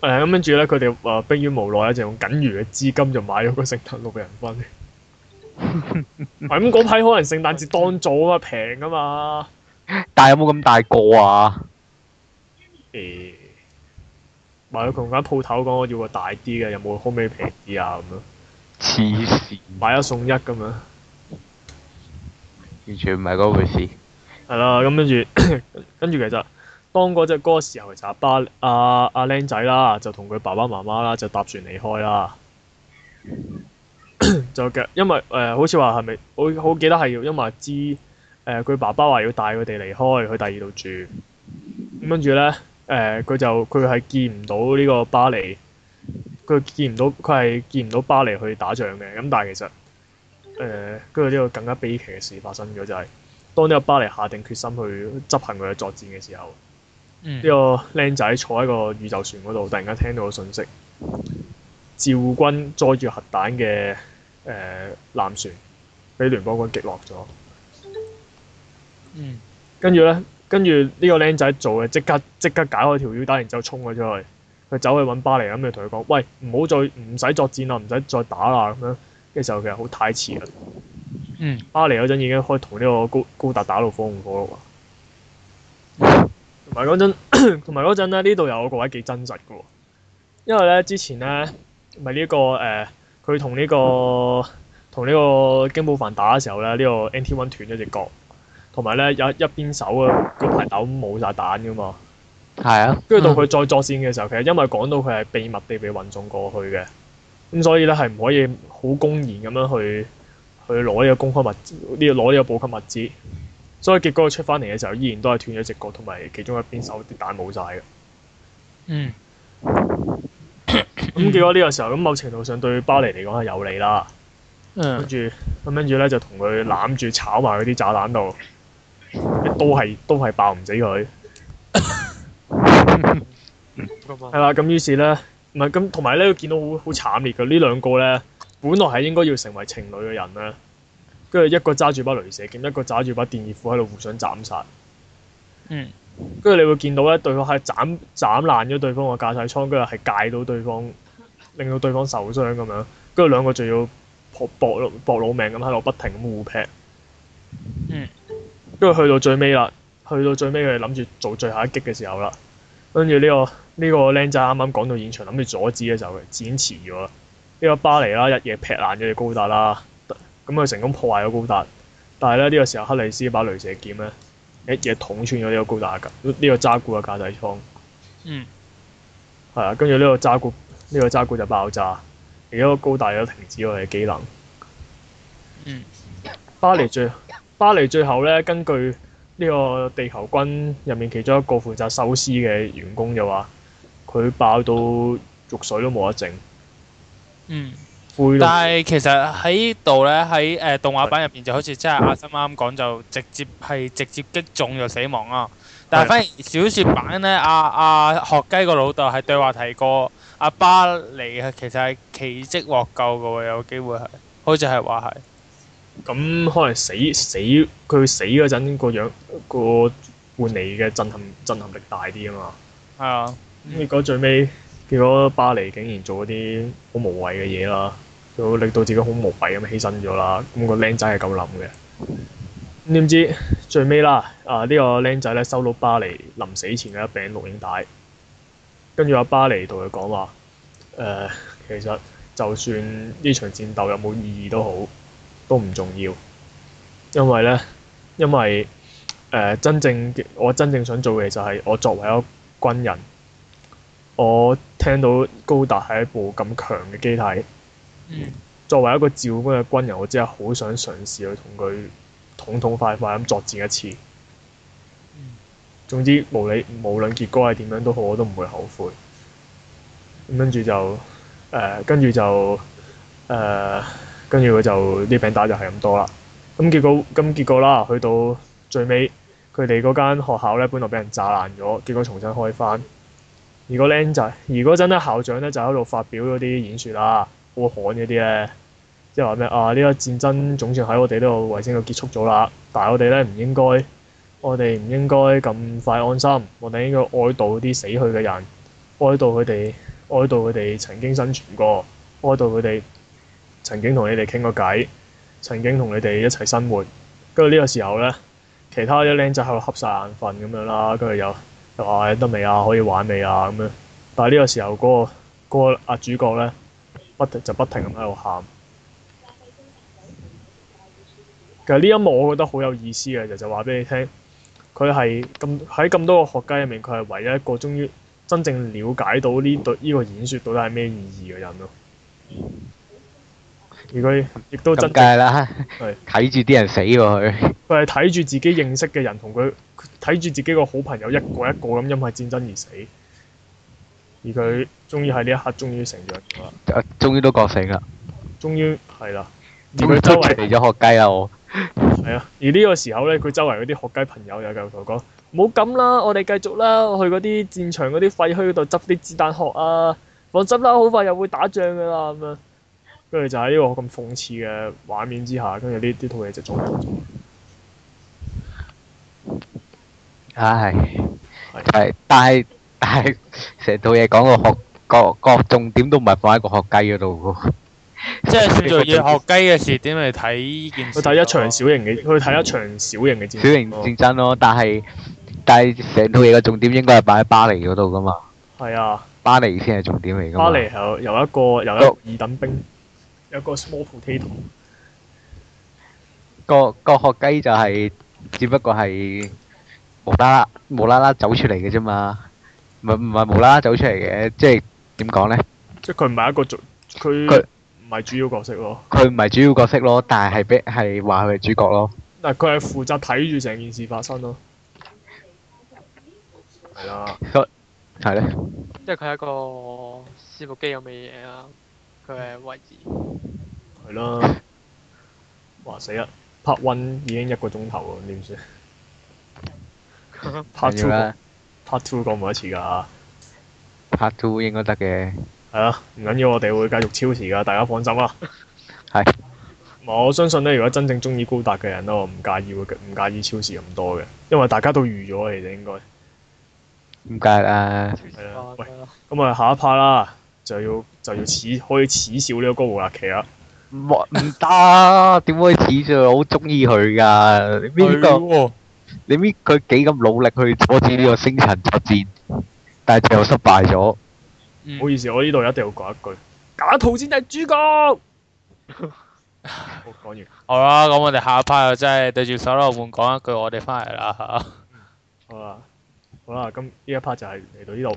啊，咁、嗯、跟住咧，佢哋誒，迫、呃、於無奈，咧，就用僅餘嘅資金就買咗個聖誕六人份，唔係咁嗰批，可能聖誕節當造啊，平啊嘛。嘛但係有冇咁大個啊？誒、哎，或者同間鋪頭講我要個大啲嘅，有冇可唔可以平啲啊？咁樣。黐線。買一送一咁樣。完全唔係嗰回事。係啦，咁跟住，跟住其實。當嗰隻歌時候就巴阿阿靚仔啦，就同佢爸爸媽媽啦，就搭船離開啦。 就腳因為誒、呃，好似話係咪我好記得係要因為我知誒，佢、呃、爸爸話要帶佢哋離開去第二度住。咁跟住咧誒，佢、呃、就佢係見唔到呢個巴黎，佢見唔到佢係見唔到巴黎去打仗嘅。咁但係其實誒，跟住呢個更加悲劇嘅事發生咗、就係，就係當呢個巴黎下定決心去執行佢嘅作戰嘅時候。呢個僆仔坐喺個宇宙船嗰度，突然間聽到個訊息，趙軍載住核彈嘅誒艦船俾聯邦軍擊落咗。跟住咧，跟住呢個僆仔做嘅即刻即刻解開條腰帶，然之後衝咗出去。佢走去揾巴黎，咁，就同佢講，喂，唔好再唔使作戰啦，唔使再打啦咁樣。嘅時候其實好太遲啦。嗯。巴黎嗰陣已經開同呢個高高達打到火紅火綠啦。同埋嗰陣，同埋嗰陣咧，呢度有個位幾真實嘅喎，因為咧之前咧，咪呢、呢個誒，佢同呢個同呢個京寶犯打嘅時候咧，呢個、呢個 Ant1 o 斷咗隻腳，同埋咧有一邊手啊，嗰排豆冇晒彈嘅嘛。係啊。跟住到佢再作戰嘅時候，其實因為講到佢係秘密地被運送過去嘅，咁所以咧係唔可以好公然咁樣去去攞呢個公開物，呢攞呢個補給物資。所以結果出翻嚟嘅時候，依然都係斷咗隻腳，同埋其中一邊手啲彈冇晒嘅。嗯。咁 結果呢個時候，咁某程度上對巴黎嚟講係有利啦。嗯。跟住，咁跟住咧就同佢攬住炒埋佢啲炸彈度，都係都係爆唔死佢。係啦，咁於是咧，唔係咁同埋咧，佢見到好好慘烈嘅呢兩個咧，本來係應該要成為情侶嘅人咧。跟住一個揸住把雷射劍，一個揸住把電熱斧喺度互相斬殺。嗯。跟住你會見到咧，對方係斬斬爛咗對方個駕駛艙，跟住係解到對方，令到對方受傷咁樣。跟住兩個仲要搏搏搏老命咁喺度不停咁互劈。嗯。跟住去到最尾啦，去到最尾佢哋諗住做最後一擊嘅時候啦，跟住呢個呢、這個僆仔啱啱趕到現場諗住阻止嘅時候，佢剪遲咗啦。呢、這個巴黎啦，一嘢劈爛咗隻高達啦。咁佢成功破壞咗高達，但係咧，呢個時候克里斯把雷射劍咧，一嘢捅穿咗呢個高達噶，呢個揸固嘅駕駛艙。嗯。係啊，跟住呢個揸固，呢個揸固就爆炸，而家個高達都停止咗嘅機能。嗯。巴黎最，巴黎最後咧，根據呢個地球軍入面其中一個負責收屍嘅員工就話，佢爆到肉水都冇得整。嗯。但係其實喺度咧，喺誒、呃、動畫版入邊就好似即係阿森啱啱講就直接係直接擊中就死亡啊！但係反而小説版咧，阿、啊、阿、啊、學雞個老豆係對話提過，阿巴尼啊其實係奇蹟獲救㗎喎，有機會係，好似係話係。咁、嗯、可能死死佢死嗰陣個樣個換嚟嘅震撼震撼力大啲啊嘛！係啊，咁你講最尾。嗯結果巴黎竟然做嗰啲好無謂嘅嘢啦，就令到自己好無謂咁犧牲咗啦。咁個僆仔係咁諗嘅。咁點知最尾啦，啊呢、這個僆仔咧收到巴黎臨死前嘅一柄錄影帶，跟住阿巴黎同佢講話，誒、呃、其實就算呢場戰鬥有冇意義都好，都唔重要，因為咧，因為誒、呃、真正我真正想做嘅就係我作為一個軍人。我聽到高達係一部咁強嘅機體，作為一個照顧軍嘅軍人，我真係好想嘗試去同佢痛痛快快咁作戰一次。總之，無理無論結果係點樣都好，我都唔會後悔。咁跟住就誒、呃，跟住就誒、呃，跟住佢就呢餅、呃、打就係咁多啦。咁結果咁結果啦，去到最尾，佢哋嗰間學校咧，本來俾人炸爛咗，結果重新開翻。如果僆仔，如果真係校長咧就喺度發表嗰啲演説，就是、啊，好漢嗰啲咧，即係話咩啊？呢個戰爭總算喺我哋呢度為呢個星結束咗啦，但係我哋咧唔應該，我哋唔應該咁快安心，我哋應該哀悼啲死去嘅人，哀悼佢哋，哀悼佢哋曾經生存過，哀悼佢哋曾經同你哋傾過偈，曾經同你哋一齊生活，跟住呢個時候咧，其他啲僆仔喺度瞌晒眼瞓咁樣啦，跟住又～又話得未啊？可以玩未啊？咁樣，但係呢個時候嗰、嗰個啊、嗰個、主角咧，不停就不停咁喺度喊。其實呢一幕我覺得好有意思嘅，就就話俾你聽，佢係咁喺咁多個學界入面，佢係唯一一個終於真正了解到呢對呢、呢個演說到底係咩意義嘅人咯。如果亦都真係啦，睇住啲人死喎佢。佢係睇住自己認識嘅人同佢。睇住自己個好朋友一個一個咁因為戰爭而死，而佢終於喺呢一刻終於成咗啦。啊，終於都覺醒啦。終於係啦。而佢周圍。嚟咗學雞啦我。係 啊，而呢個時候咧，佢周圍嗰啲學雞朋友又繼續同佢講：冇咁啦，我哋繼續啦，我去嗰啲戰場嗰啲廢墟度執啲子彈殼啊，放心啦，好快又會打仗嘅啦咁啊。跟住就喺呢個咁諷刺嘅畫面之下，跟住呢呢套嘢就做唔到。唉，係是，但係但係成套嘢講個學個個重點都唔係放喺個學雞嗰度嘅，即係選擇以學雞嘅視點去睇呢件、啊。去睇一場小型嘅，去睇、嗯、一場小型嘅戰。小型戰爭咯、啊，但係、嗯、但係成套嘢嘅重點應該係擺喺巴黎嗰度噶嘛。係啊，巴黎先係重點嚟㗎嘛。巴黎有有一個有一個二等兵，嗯、有一個 small potato 個。個個學雞就係只不過係。無啦啦，無啦啦走出嚟嘅啫嘛，唔唔係無啦啦走出嚟嘅，即係點講咧？呢即係佢唔係一個主，佢唔係主要角色咯。佢唔係主要角色咯，但係係俾話佢係主角咯。但係，佢係負責睇住成件事發生咯。係咯啦。係咧、嗯。即係佢係一個攝錄機咁嘅嘢啦，佢嘅、啊、位置。係咯。哇死啦，Part one 已經一個鐘頭啦，點算？part two p a r t two 過唔一次噶，part two 應該得嘅，係啊，唔緊要，我哋會繼續超時噶，大家放心啦。係是，我相信咧，如果真正中意高達嘅人咧，我唔介意會，唔介意超時咁多嘅，因為大家都預咗嘅啫，應該。唔介啊，係啊，喂，咁啊下一 part 啦，就要就要恥可以恥笑呢個高胡牙奇啦，唔得，點可以恥笑？好中意佢噶，邊個？你搣佢幾咁努力去阻止呢個星辰作戰，但係最後失敗咗。唔、嗯、好意思，我呢度一定要講一句，賈圖先係主角。好 講、 哦、完。好啦，咁我哋下一 part 就真係對住手榴彈講一句，我哋翻嚟啦吓。好啦，好啦，咁呢一 part 就係嚟到呢度。